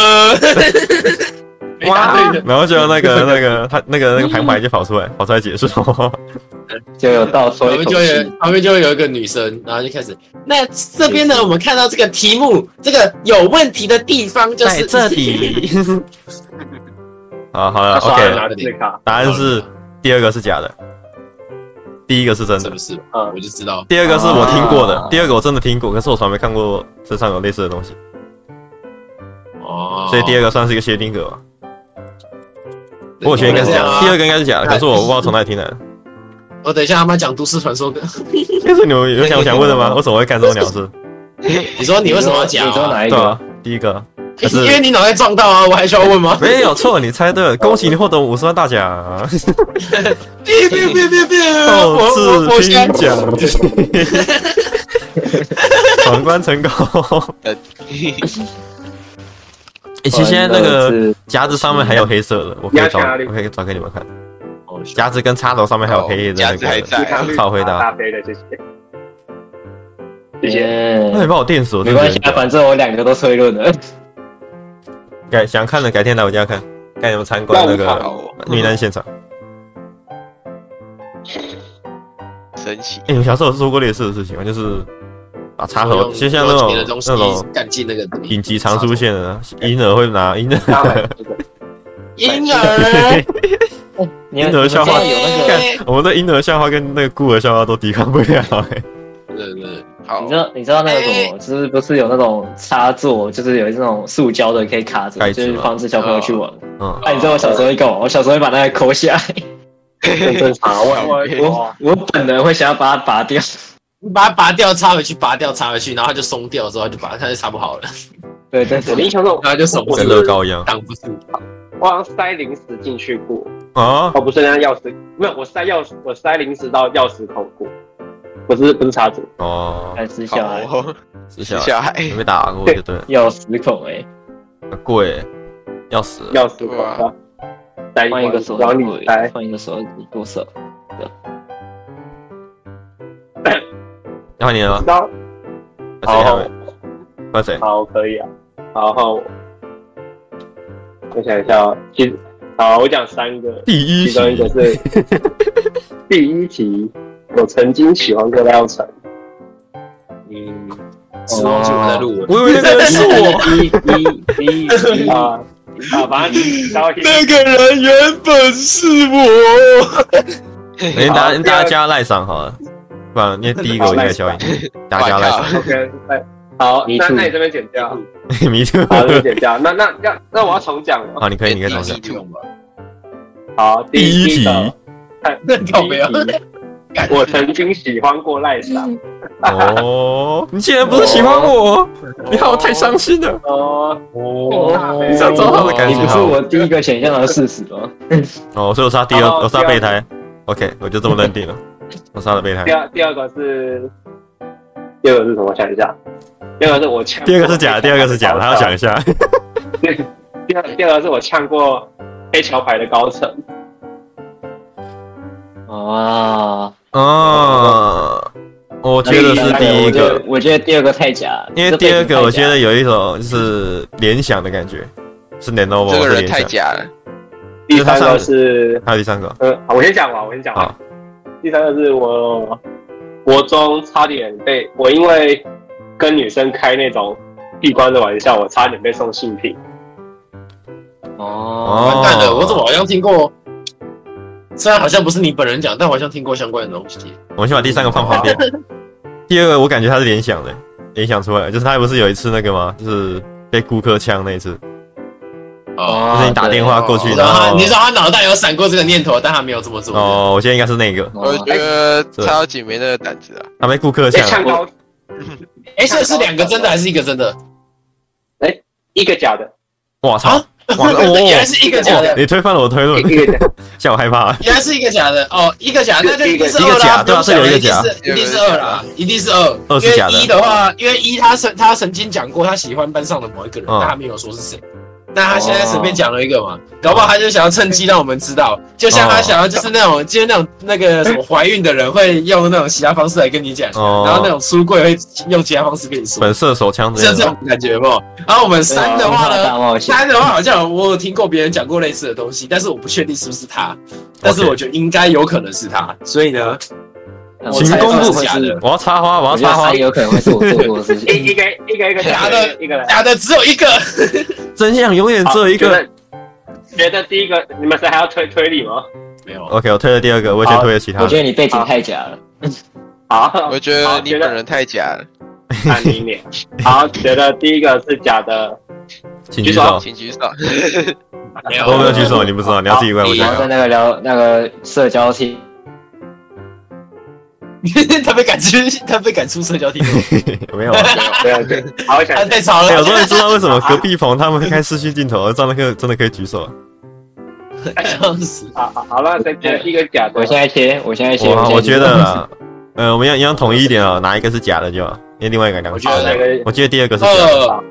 [LAUGHS] 的哇！對，然後就那個那個他那個那個旁白就跑出來，跑出來解說、嗯， [LAUGHS] 就有到所旁邊就有旁邊就會有一個女生，然後就開始。那這邊呢，我們看到這個題目，這個有問題的地方就是在這裡 [LAUGHS] 好好。啊，好了，OK。答案是第二個是假的，第一個是真的。是不是，嗯，我就知道。第二個是我聽過的，啊、第二個我真的聽過，可是我從來沒看過身上有類似的東西。哦、啊，所以第二個算是一個諧音梗吧。我覺得應該是假的，啊，第二個應該是假的，可是我不知道從哪裡聽來的。我等一下他們要講都市傳說，哥，那是你們有想要想問的嗎？我會什麼會幹這種鳥事，欸？你說你為什麼要講、啊？你說哪一個、啊？第一個？是因為你腦袋、啊欸、袋撞到啊？我還需要問嗎？沒有錯，你猜對了，恭喜你獲得五十萬大獎！哈哈哈哈哈哈！破次金獎，闖 [LAUGHS] 關成功！ [LAUGHS] 誒、欸，其實現在那個夾子上面還有黑色的，我可以找，我可以找給你們看。夾子跟插頭上面還有黑色的、那個。夾、哦、子還在，好回答。大大的謝謝，謝謝。那你幫我電死我，沒關係啊，反正我兩個都脆弱的。改想看的改天來我家看，帶你們參觀那個女單現場。嗯、神奇。哎、欸，我小時候說過類似的事情，就是。啊，插頭就像那種那種頂級常出現的嬰兒會拿嬰兒嬰兒，嬰兒笑話有那個，我們的嬰兒笑話跟那個孤兒笑話都抵抗不了、欸。對對對，好，你知道你知道那個什麼？不、就是不是有那種插座，就是有一種塑膠的可以卡住，就是防止小朋友去玩。哦、嗯，哎、啊，你知道我小時候會幹嘛？我小時候會把那個摳下來， [LAUGHS] 我我 [LAUGHS] 我本人會想要把它拔掉。你把它拔掉，插回去，拔掉插回去，然後他就鬆掉之後候，他就拔，它就插不好了。對對對，沒想到它 [LAUGHS] 就手不跟樂高一樣擋不住。我好像塞零食進去過啊，哦不是，那樣鑰匙沒有，我塞鑰匙，我塞零食到鑰匙口，我不是不是插子哦。哦還是小孩。是小孩。你沒打過、啊、對不對鑰匙孔哎、欸啊，貴、欸，要匙鑰匙孔，換一個手指，換一個手指剁手，手。你好，你呢？知、啊、好、oh, 啊，好，可以啊。然後我想一下，好，我講三個。第一題。一個， [LAUGHS] 第一題，我曾經喜歡過廖晨。嗯、 [LAUGHS] 哦。你，我忘記在錄，我以為在錄你，你 [LAUGHS] 你 [LAUGHS] 你啊！啊，把你那個人原本是我。 [LAUGHS] [LAUGHS] 你打大， [LAUGHS] 大家加賴上好了。因為第一個我應該小影，大家來。OK，好，那那你這邊剪掉。米兔，啊、那你剪掉。那那那我要重講了。好、啊啊啊啊，你可以，你可以重講。好、啊，第一題，看到沒有、啊？我曾經喜歡過賴傻。哦、啊啊啊，你竟然不是喜歡我，你讓我太傷心了。哦，哦，這樣糟糕的感覺。你不是我第一個想象的事實哦，哦，所以我殺第二，我殺備胎。OK，我就這麼認定了。我殺了備胎。第二第二個是第二個是什麼？我想一下，第二個是我搶。第二個是假，第二個是假的。讓他要想一下。 [LAUGHS] 第二第二個是我嗆過黑橋牌的高層。啊、哦、啊、哦哦！我覺得是第一個，個我。我覺得第二個太假，因為第二個我覺得有一種就是聯想的感覺，是 Lenovo。這個人太假了。第三個是還有第三個。呃，我先講吧，我先講吧。第三個是我國中差點被我因為跟女生開那種閉關的玩笑，我差點被送性癖。哦、oh.，完蛋了！我怎麼好像聽過？雖然好像不是你本人講，但我好像聽過相關的東西。我先把第三個放旁邊。 [LAUGHS] 第二個我感覺他是聯想的，聯想出來就是他不是有一次那個嗎？就是被顧客嗆那一次。哦、oh,，就是你打電話過去，哦、然後你說他腦袋有閃過這個念頭，但他沒有這麼做。哦、oh,，我覺得應該是那個，oh, 我覺得、欸、超級沒那個膽子啊。他沒顧客下來了。這、欸欸、是兩個真的還是一個真的？哎、欸，一個假的。我操！原、啊、來 [LAUGHS] 是一個假的，個假的、哦。你推翻了我推論、欸。一個假的，嚇 [LAUGHS] 我害怕，原來是一個假的哦，一個假，那就一，是一個是的對、啊。對啊，是有、啊、一個假的一是，一定是二啦，一定是二。二是假的。因為一的話，因為一他曾他曾經講過他喜歡班上的某一個人，但他沒有說是誰。那他現在隨便講了一個嘛，oh、搞不好他就想要趁機讓我們知道，oh、就像他想要就是那種，今、oh、天那種那個什麼懷孕的人會用那種其他方式來跟你講，oh、然後那種出櫃會用其他方式跟你說，粉色手槍，就這種感覺有有，不好？然後我們三的話呢，三、嗯嗯嗯嗯、的話好像我有聽過別人講過類似的東西，但是我不確定是不是他，但是我覺得應該有可能是他，okay. 所以呢。請公布，我要插花，我要插花，有可能會是我做過的事情。 [LAUGHS] 一個一個一個假的，一個假的只有一個，真相永遠只有一個。覺得第一個，你們誰還要推推理嗎？沒有。OK，我推了第二個，我先推了其他。我覺得你背景太假了。好。好好，我覺得你本人太假了。看你臉。好， [LAUGHS] 好，覺得第一個是假的， [LAUGHS] 請舉手，請舉手。 [LAUGHS] 我沒有舉手，你不知道，你要自己問。我。在那個聊那個社交系。 [LAUGHS] 他被趕出，他被趕出社交體 [LAUGHS] 有、啊。 [LAUGHS] 沒有，沒有，好想太吵了。欸、我終於知道為什麼隔壁棚他們會開視訊鏡頭了。真的可以，真的可以舉手。笑死！好，好了，再分析一個假的。我現在切，我現在切。我覺得， [LAUGHS] 呃，我們要一樣統一一點啊、喔，哪一個是假的就好，就因為另外一個兩個。我覺得、那個、我記得第二個是假的。呃、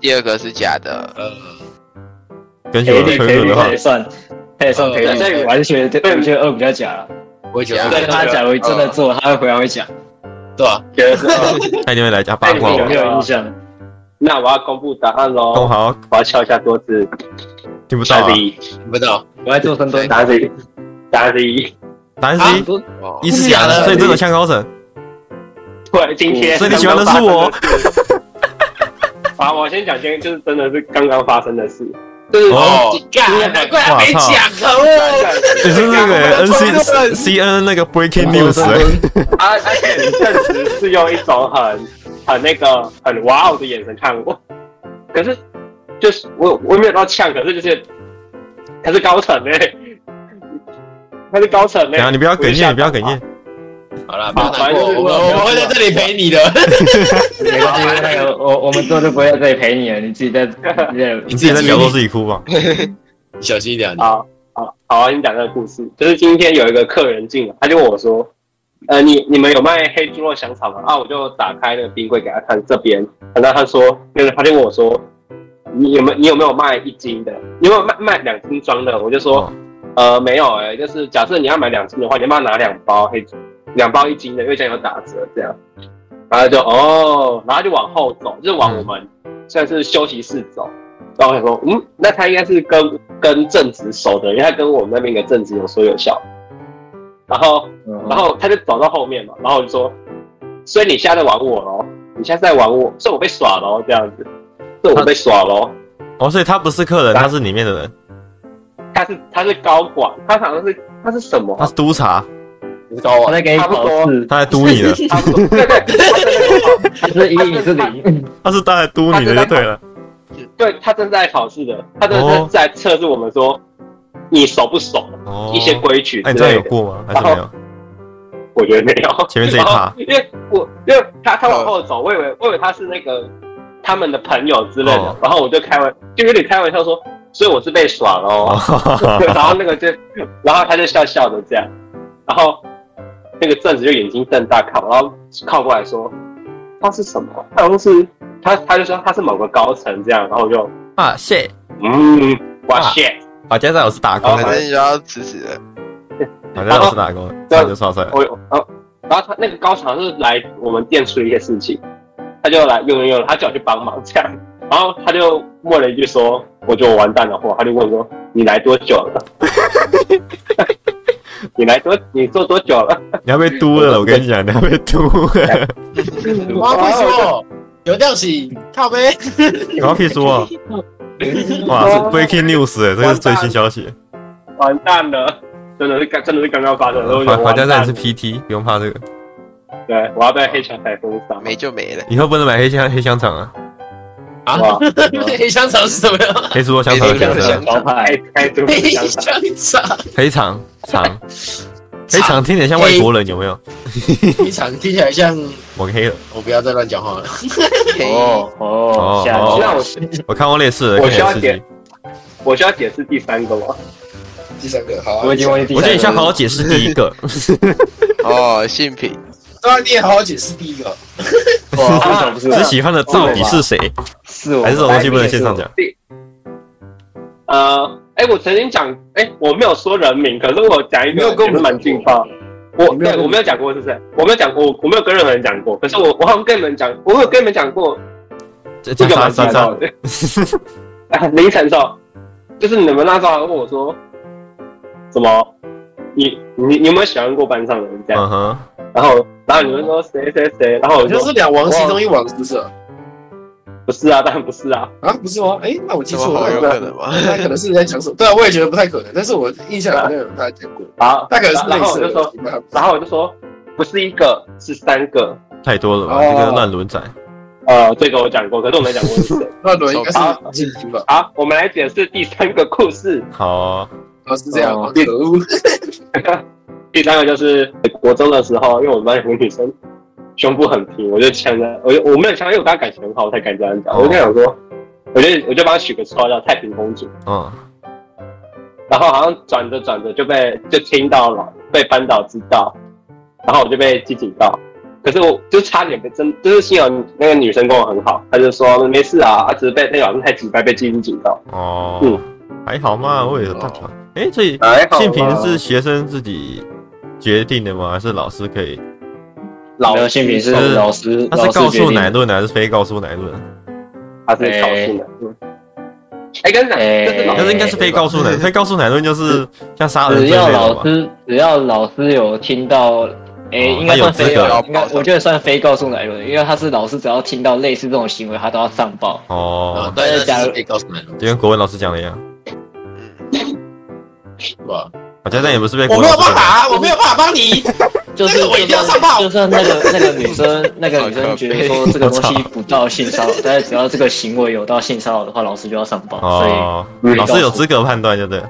第二個是假的。呃、根據我推理的話，可以算，哎，算可以算。推、呃、理，完全對，我覺得二比較假。對，他講，我真的做，他會回來會講，對吧、啊？他就會、是、 [LAUGHS] 來講八卦。有沒有印象？那我要公布答案嘍。好，我要敲一下桌子。聽不到、啊？聽不到。我要做山東大嘴，大嘴，大嘴，你是假的，所以這個像高手。對，今天剛剛、嗯、所以你喜歡的是我。好、啊，我先講，今天就是真的是剛剛發生的事。哦、就是，喔、哇靠！你是不是那個 NCCN 那個 Breaking News 啊？他確實是用一種很很那個很哇哦的眼神看我，可是就是我我也沒有到嗆，可是就是他是高層哎，他是高層哎，啊！你不要哽咽，不要哽咽。好了，別難過、啊、我我,我,我,我會在這裡陪你的、啊。那個那個，我我們哥就不會在這裡陪你了，你自己在，你自己在難過自,自己哭吧。 [LAUGHS] 你小心一點,點。好，好，好，我跟你講這個故事，就是今天有一個客人進來，他就問我說，呃，你你們有賣黑豬肉香草嗎？啊，我就打開那個冰櫃給他看這邊。然後他說，接着他就問我說，你有沒有你有沒有賣一斤的？你有沒有賣賣兩斤裝的？我就說，哦、呃，沒有哎、欸，就是假設你要買兩斤的話，你幫我拿兩包黑豬肉。兩包一斤的，因為這樣有打折，這樣，然後就哦，然後就往後走，就往我們算是休息室走。然後我想說，嗯，那他應該是跟跟正職熟的，因為他跟我們那邊的正職有說有笑。然後、嗯，然後他就走到後面嘛，然後我就說，所以你現在在玩我嘍？你現在在玩我？所以我被耍哦。這樣子？是我被耍了哦，所以他不是客人，他，他是裡面的人。他，他是他是高管，他好像是他是什麼？他是督察。啊、他在給你考試、哦，他在督你的。他是以你為零，他， [LAUGHS] 他是他在督你，的，就對了。他對他正在考試的，他正，正在在測試我們說你熟不熟的、哦、一些規矩之類的、啊、有過嗎？還是沒有。我覺得沒有。前面這一趴，因為我因為他他往後走、哦，我以為我以為他是那個他們的朋友之類的、哦，然後我就開玩，就有點開玩笑說，所以我是被耍了、啊哦。 [LAUGHS] 然後那個就，然後他就笑笑的這樣，然後。那個陣子就眼睛瞪大，靠，然後靠過來說：“他是什麼？他好像是他，他就說他是某個高層這樣，然後就啊謝，ah, shit. 嗯哇謝，啊現在，我是打工的，你、okay. 要是打工，yeah. 然後然後就說出來。然後他那個高層是來我們店處理一些事情，他就來用用，他叫我去幫忙這樣，然後他就問了一句說：‘我覺得我完蛋了。’我他就問我：‘你來多久了？’ [LAUGHS] 你來多，你做多久了？你要被嘟了，我跟你講，你要被嘟了 [LAUGHS] 我要被嘟了有料洗，靠背，我要以說啊。哇，Breaking News，哎，這是最新消息。完蛋了，真的是剛，真的是剛剛發生好像那了，是 PT，不用怕這個。對，我要在黑箱買，倒霉就沒了。以後不能買黑香黑香腸啊。啊，黑香腸是什麼呀？黑豬肉香腸，黑腸派，態、欸、度。黑香腸，黑腸，腸，黑腸聽起來像外國人，有沒有？黑腸 [LAUGHS] 聽起來像我黑了，我不要再亂講話了。哦哦哦！讓、oh, oh, oh, oh. 我我看過類似的，我需要解，我需要解釋第三個嗎？第三個好、啊，我已經忘記，我先先好好解釋第一個。哦，新品。那、啊、你也好好解釋第一個，我不是，啊啊、只喜歡的到底是誰？是我還是這種東西不能線上講。呃、欸，我曾經講，哎、欸，我沒有說人名，可是我講一個，沒有跟我實，蠻勁爆。沒有我對我沒有講過，是不是？我沒有講過，我沒有跟任何人講過，可是我我好像跟你們講，我有跟你們講過，這、嗯、個蠻勁爆的。凌晨說，就是你們那時候還問我說，怎麼？你你你有沒有喜歡過班上的人家？這樣，然後。然後你們說誰誰誰，然後就是兩王其中一王是不是、啊，不是啊，當然不是啊，啊不是嗎、啊？哎、欸，那我記錯了，有可能吧？那、嗯、可能是你在講錯，對啊，我也覺得不太可能，但是我印象裡面有他講過啊，大概是、啊啊啊啊啊是。然後我就說、啊，然後我就說，不是一個，是三個，太多了吧？那、這個亂倫仔、啊，呃，這個我講過，可是我沒講過亂倫 [LAUGHS] 應該是好、啊啊，我們來解釋第三個故事，好哦，哦、啊，是這樣，可惡。 [LAUGHS] 第三個就是國中的時候，因為我們班有個女生胸部很平，我就搶了。我我沒有搶，因為我跟她感情很好，我才敢這樣講、哦。我就想說，我就我就幫她取個綽號叫太平公主。嗯。然後好像轉着轉着就被就聽到了，被班導知道，然後我就被記警告。可是我就差點被真，就是幸好那個女生跟我很好，她就說沒事啊，她只是被那個老師太急，才被記警告。哦。嗯，還好嘛，我也有大條。哎、欸，這幸平是學生自己決定的嗎？還是老師可以？老師姓名是老師，他是告訴乃論還是非告訴乃論？他是挑釁的。哎，跟哪？這、欸、是老師。是應該是非告訴乃論。非告訴乃論就是像殺人。只要老師，只要老師有聽到，哎、欸，應該算非，有應該我覺得算非告訴乃論，因為他是老師，只要聽到類似這種行為，他都要上報。哦、嗯，對、嗯，是假如……哎，告訴乃論，就跟國文老師講的一樣，是 [LAUGHS] 吧？我家在也不是被，我沒有辦法，我沒有辦法幫你。就是我一定要上報。就算、是就是、那個那個女生， [LAUGHS] 那個女生覺得說這個東西不到性騷擾， [LAUGHS] 但只要這個行為有到性騷擾的話，老師就要上報。哦、所以，以老師有資格判斷，就對了。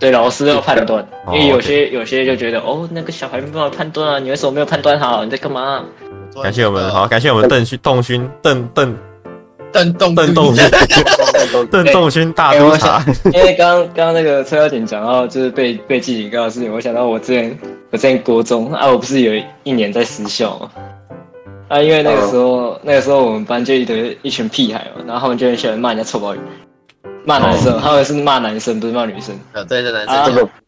對，老師要判斷，因為有些有些就覺得哦，那個小孩沒有辦法判斷啊，你為什麼沒有判斷好？你在幹嘛、啊？感謝我們，好，感謝我們鄧勳、鄧勳、鄧鄧。鄧洞鄧動，鄧動勳大多殺。因為剛剛剛那個車小姐講到，就是被被記警告的事情，我想到我之前我之前國中啊，我不是有一年在失校嘛啊，因為那個時候、Hello. 那個時候我們班就一堆一群屁孩嘛，然後他們就很喜歡罵人家臭鮑魚，罵男生，oh. 他們是罵男生，不是罵女生。呃、yeah, 啊，對對對，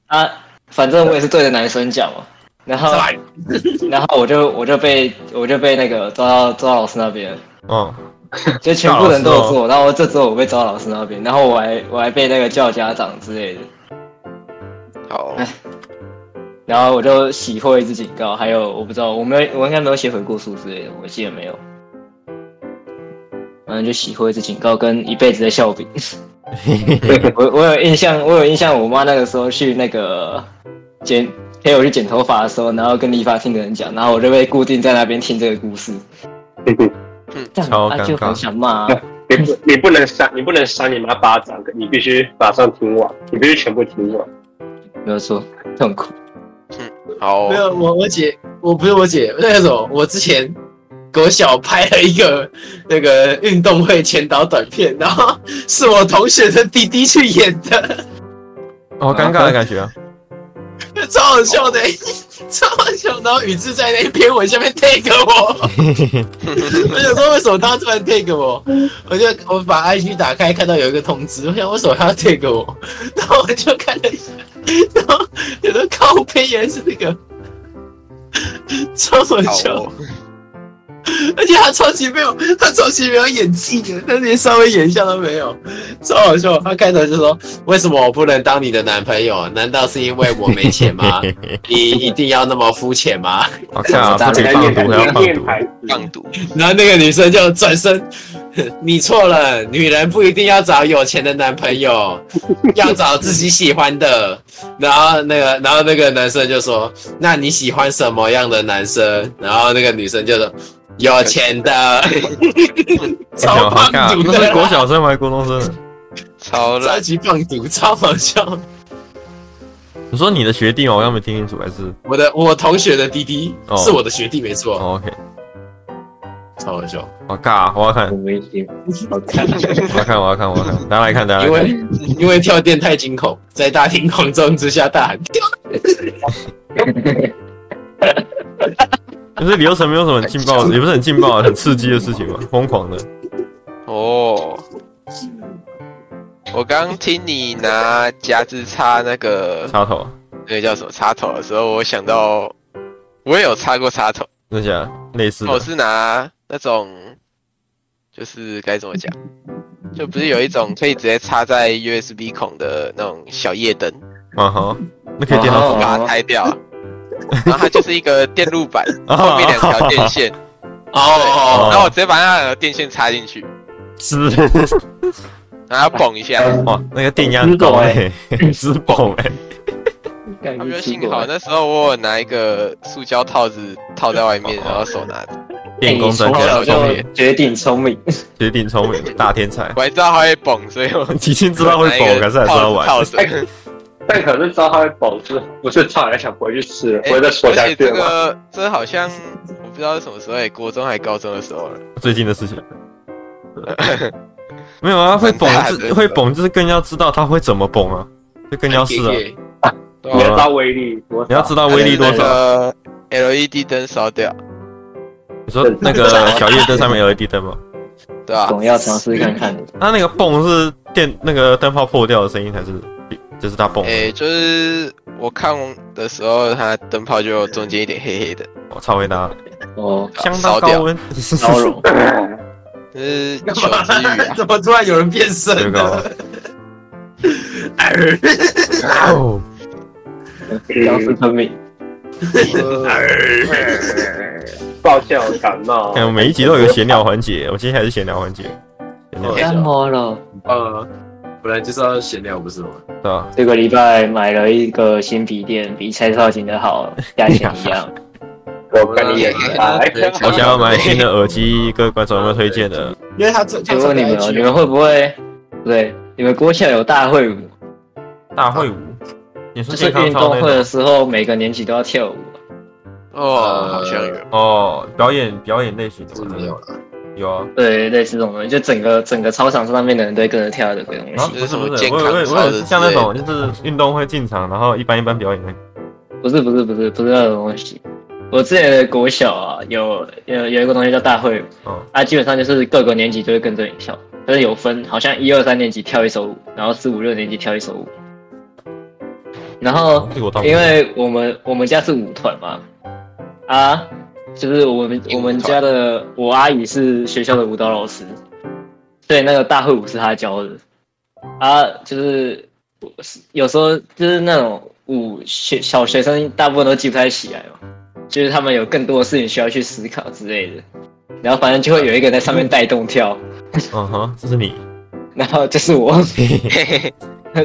啊啊，反正我也是對着男生講嘛，然後、yeah. 然後我就我就被我就被那個抓到抓到老師那邊，嗯、oh.。就全部人都有做，哦、然後這次我被抓到老師那邊，然後我還我還被那個叫家長之類的。好。然後我就洗會一次警告，還有我不知道，我沒我應該沒有寫悔過書之類的，我記得沒有。嗯，就洗會一次警告，跟一輩子的笑柄。 [LAUGHS] 我我有印象，我有印象，我媽那個時候去那個剪陪我去剪頭髮的時候，然後跟理髮廳的人講，然後我就被固定在那邊聽這個故事。 [LAUGHS] 嗯、超尷尬、啊就很想罵啊！你不，你不能扇，你不能扇你媽巴掌，你必須馬上聽完，你必須全部聽完。難受，痛苦。嗯、好、啊，沒有我，我姐，我不是我姐，那種，我之前，國小拍了一個那個運動會前導短片，然後是我同學的弟弟去演的，好、哦、尷尬的感覺啊。 [LAUGHS] 超好笑的，欸哦，超好笑！然後宇智在那篇文下面 tag 我，我、哦、想 [LAUGHS] 說為什麼他突然 tag 我？我就我把 I G 打開，看到有一個通知，我想為什麼他要 tag 我？然後我就看了，一下，然後有的靠邊也是那個，超好笑。好哦而且他超級沒有，他超級沒有演技的，他連稍微演一下都沒有，超好笑。他開頭就說：“為什麼我不能當你的男朋友？難道是因為我沒錢嗎？你一定要那麼膚淺嗎？”我、okay、看啊台，自己放毒，要放毒。然後那個女生就轉身：“你錯了，女人不一定要找有錢的男朋友， [LAUGHS] 要找自己喜歡的。”然後那個，然後那個男生就說：“那你喜歡什麼樣的男生？”然後那個女生就說。有錢的， [LAUGHS] okay, 超的，超胖毒的。那是國小學生還是國中生？超級胖毒，超好笑。你說你的學弟嗎？我剛沒聽清楚，還是我的我同學的弟弟，哦？是我的學弟，沒錯。哦。OK，超好笑，我尬，我要看，我危險，好看，我要看，我要看，我要看，大家來看，來看，因為因為跳電太驚恐，在大庭廣眾之下大喊。 [LAUGHS] [LAUGHS] 可、嗯、是流程沒有什麼勁爆的，也不是很勁爆的、很刺激的事情嘛。瘋狂的。哦、oh,。我剛聽你拿夾子插那個插頭，那，這個叫什麼插頭的時候，我想到我也有插過插頭。那啥，類似的。我是拿那種，就是該怎麼講，就不是有一種可以直接插在 USB 孔的那種小夜燈？嗯、啊、哼，那可以電腦、啊、好好把它拆掉、啊。然後它就是一個電路板， [LAUGHS] 後面兩條電線。哦，那我直接把那個電線插進去，是，然後要繃一下、啊。哇，那個電壓夠哎，是蹦哎。感、嗯、覺、嗯欸、幸好那時候我有拿一個塑膠套子套在外面，然後手拿着。電工專業，聰、欸、明，明，絕頂聰明，絕頂聰明，大天才。我還知道他會繃，所以我提前知道會繃，可是很少玩。 [LAUGHS] 但可是，知道它會崩是，我就差點想回去吃。我來說下去這個，這好像我不知道是什麼時候，欸、國中還是高中的時候了，最近的事情。 [LAUGHS] [LAUGHS] 沒有啊，會蹦，會蹦，就是更要知道它會怎麼蹦啊，就更要試啊，啊，啊，啊。你要知道威力多少對，啊，你要知道威力多少？LED 燈燒掉。你說那個小夜燈上面 LED 燈嗎？ [LAUGHS] 對啊。總要嘗試看看。那、 [LAUGHS] 啊、那個蹦是電，那個燈泡破掉的聲音還是？就是大蹦。哎、欸，就是我看的時候，它燈泡就中間一點黑黑的，我操，拿答哦，相當 [LAUGHS] 高溫，燒熔，呃，怎 [LAUGHS] 麼、啊、怎麼突然有人變身呢、 [LAUGHS] 哎？哎，消失生命，哎，抱歉，我感冒。哎，每一集都有閒聊環節，我今天還是閒聊環節，怎麼、啊、了？呃。本來就是要閒聊不是嗎？啊、哦，這個禮拜買了一個新筆電，比蔡少錦的好，價錢一樣。 [LAUGHS] 我跟你也買。我想要買新的耳機， [LAUGHS] 各位觀眾有沒有推薦的？ [LAUGHS] 因為他總他說你們，你們會不會？對，你們國小有大會舞，大會舞，啊、你說就是運動會的時候，每個年級都要跳舞。哦，啊、好像有哦，表演表演類型就沒有了、啊。有啊，對，類似這種東西，就整個整個操場上面的人都會跟着跳的鬼東西，啊，不是不是，我有我有像那種是就是運動會進場，然後一般一般表演，不是不是不是不是那種東西。我之前的國小啊，有有有一個同學叫大會，他，嗯啊、基本上就是各個年級就會跟着你跳，但是有分，好像一二三年級跳一首舞，然後四五六年級跳一首舞，然後因為我們我們家是舞團嘛，啊。就是我們我們家的我阿姨是學校的舞蹈老師，對那個大會舞是她教的，啊就是，有時候就是那種舞學小學生大部分都記不太起來嘛，就是他們有更多的事情需要去思考之類的，然後反正就會有一個在上面帶動跳，嗯哼，這是你， [LAUGHS] 然後這是我，嘿嘿嘿，那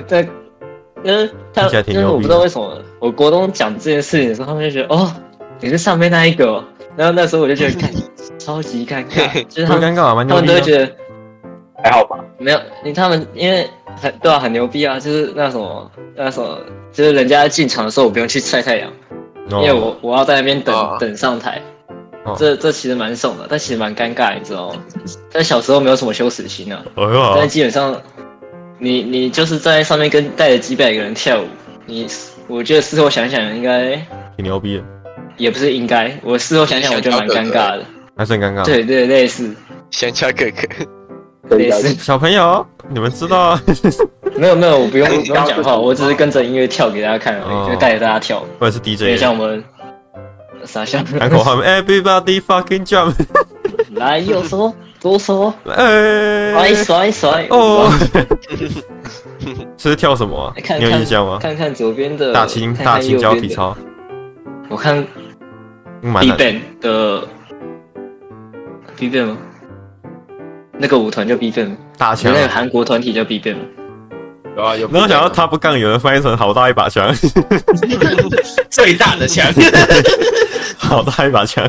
那，但是他因為、就是、我不知道為什麼我國東講這件事情的時候，他們就覺得哦，你是上面那一個。然後那時候我就覺得超級尷尬，就是他們，尷尬啊蠻啊、他們都會覺得還好吧。沒有，因為他們因為很對啊，很牛逼啊，就是那什麼，那什麼，就是人家進場的時候，我不用去曬太陽，哦、因為我我要在那邊等、啊、等上台。啊、這這其實蠻爽的，但其實蠻尷尬的，你知道嗎？但小時候沒有什麼羞恥心啊。哎、啊。但基本上，你你就是在上面跟帶着幾百個人跳舞，你我覺得事後想想應該挺牛逼的。也不是應該，我事後想想，我就蠻尷尬的，還是很尷尬。對對,對，類似，香蕉哥哥，類似小朋友，你們知道？啊？ [LAUGHS] 沒有沒有，我不用不用講話，我只是跟着音樂跳給大家看，而已。哦、就帶着大家跳，或者是 DJ。像我們傻笑。我喊 Everybody Fucking Jump，來右手，左手。哎，甩甩帥！哦， [LAUGHS] 這是跳什麼、啊？你有印象嗎？看看,看,看左邊的，大青大青交體操，我看。BIGBANG 的 BIGBANG 嗎？那個舞團叫 BIGBANG，有那個韓國團體叫 BIGBANG，有啊有。那我想到 Top Gun，有人翻譯成“好大一把槍”，最大的槍，好大一把槍。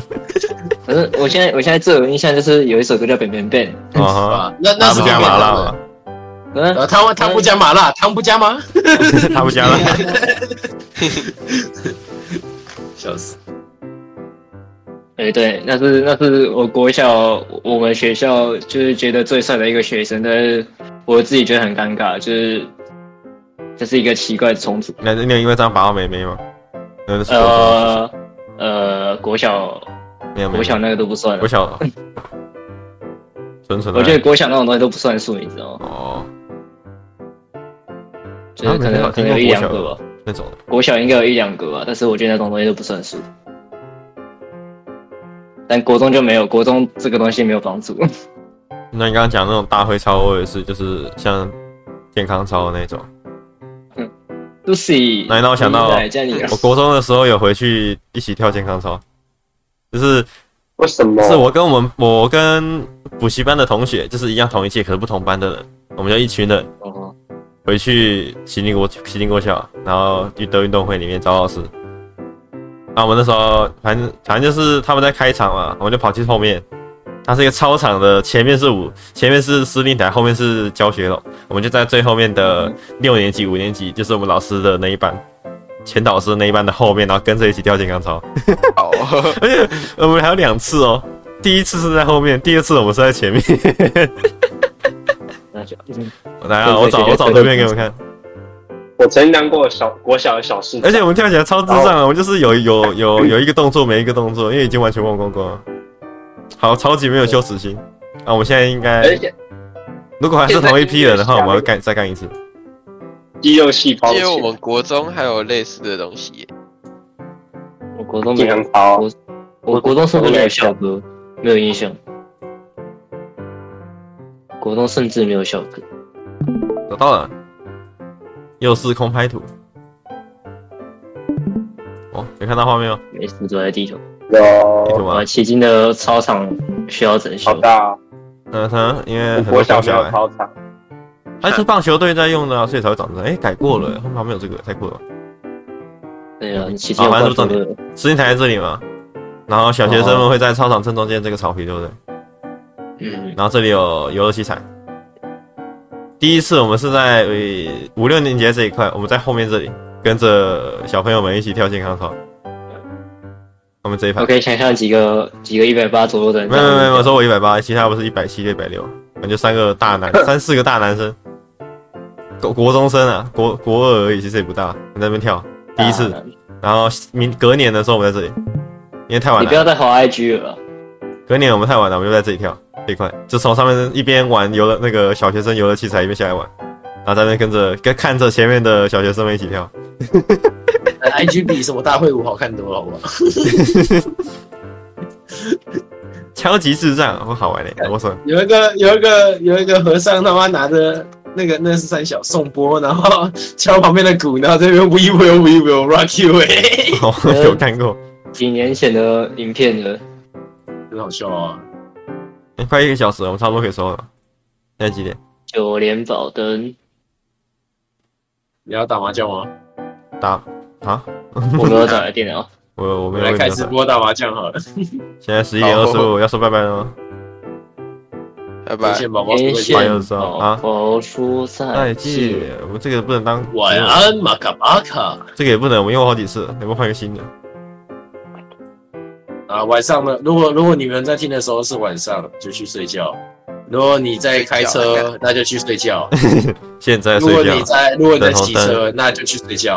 反正我現在我現在最有印象就是有一首歌叫《BANG BANG BANG》，啊，那那是加麻辣的。嗯，他他不加麻辣，他不加嗎？他不加了，笑死。哎、欸，對，那是那是我國小我們學校就是覺得最帥的一個學生，但是我自己覺得很尷尬，就是這是一個奇怪的衝突。那是因為這樣把到妹妹嗎？呃呃，國小沒有妹妹，國小那個都不算。國小純純的，啊 [LAUGHS] 純純的，我覺得國小那種東西都不算數，你知道嗎？哦，就可能可能有一兩個吧。那種，國小應該有一兩個吧，但是我覺得那種東西都不算數。但國中就沒有，國中這個東西沒有幫助。那你剛剛講那種大會操，或者是就是像健康操的那種。嗯，都行，那你讓我想到我，我國中的時候有回去一起跳健康操，就是為什麼？是我跟我們我跟補習班的同學，就是一樣同一屆可是不同班的人，我們就一群人回去麒麟國麒麟國校，然後去德運動會裡面找老師。啊，我們那時候反正反正就是他們在開場嘛，我們就跑去後面。它是一個操場的，前面是舞，前面是司令台，後面是教學樓。我們就在最後面的六年級、五年級，就是我們老師的那一班，前導師那一班的後面，然後跟着一起跳健康操。好，哦，而 [LAUGHS] 且我們還有兩次哦，第一次是在後面，第二次我們是在前面。來，我找我找圖片給你們看。對對對對對對。 [LAUGHS] 我曾經當過小國小的小事，而且我們跳起來超智障啊！我們就是有有有有一個動作，沒一個動作，因為已經完全忘光光。好，超級沒有羞恥心啊！我現在應該，如果還是同一批人的話，我們要幹再幹一次。肌肉細胞。而且我們國中還有類似的東西我。我國中是是沒有校歌，我國中甚至沒有校歌，沒有印象。國中甚至沒有校歌。找到了。又是空拍圖，哦，沒看到畫面嗎、哦？沒事，坐在地圖。有地圖嗎？啊、今的操場需要整修。好大啊！嗯哼，因為很多小學、欸，友。操場還是棒球隊在用的啊，所以才會長這樣。哎、欸，改過了、欸，嗯，後面旁邊有這個，太酷了吧。對啊，七的啊，反正都是，是。司令台在這裡嘛，然後小學生們會在操場正中間這個草皮，對不對？嗯，然後這裡有遊樂器材。第一次我們是在五六年級這一塊，我們在後面這裡跟着小朋友們一起跳健康操。Yeah. 我們這一排。OK，想象幾個幾個一百八左右的人。沒有沒有，我說我一百八，其他不是一百七、一百六，感覺三個大男，三四個大男生，國 [LAUGHS] 國中生啊，國國二而已，其實也不大。我們在那邊跳，第一次，然後明隔年的時候我們在這裡，因為太晚了。你不要再滑 IG 了。隔年我們太晚了，我們就在這裡跳。這塊就從上面一邊玩遊樂那個小學生遊樂器材，一邊下來玩，然後在那跟着跟看着前面的小學生們一起跳。Uh, IG 比什麼大會舞好看多了，好不好？超級智障，不、哦、好玩嘞！我說，有一個有一個有一個和尚他媽拿着那個那是三小宋波，然後敲旁邊的鼓，然後這邊 We Will We Will Rock You。哦， [LAUGHS] [LAUGHS] 有看過？幾年前的影片了，很好笑啊、哦！欸、快一個小時了，我們差不多可以收了。現在幾點？九連寶燈。你要打麻將嗎？打啊 [LAUGHS] 我打！我沒有打開電腦。我我沒有。來開直播打麻將好了。現在十一點二十五，要說拜拜了嗎？拜拜。連線結束啊！好，疏散。再見。我們這個不能當。晚安，瑪卡巴卡。這個也不能，我們用過好幾次，能不能換一個新的？啊，晚上呢？如果如果你們在聽的時候是晚上，就去睡覺。如果你在開車，那就去睡覺。現在睡覺。如果你在如果你在騎車，那就去睡覺。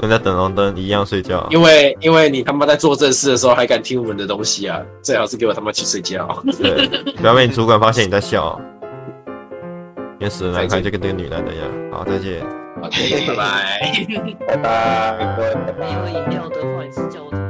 跟在等紅燈一樣睡覺。因為因為你他媽在做正事的時候還敢聽我們的東西啊！最好是給我他媽去睡覺。對，不要被你主管發現你在笑。天使，來看就跟這個女的等一下。好，再見。OK，拜拜。 [LAUGHS] 沒有飲料的話，還是叫我。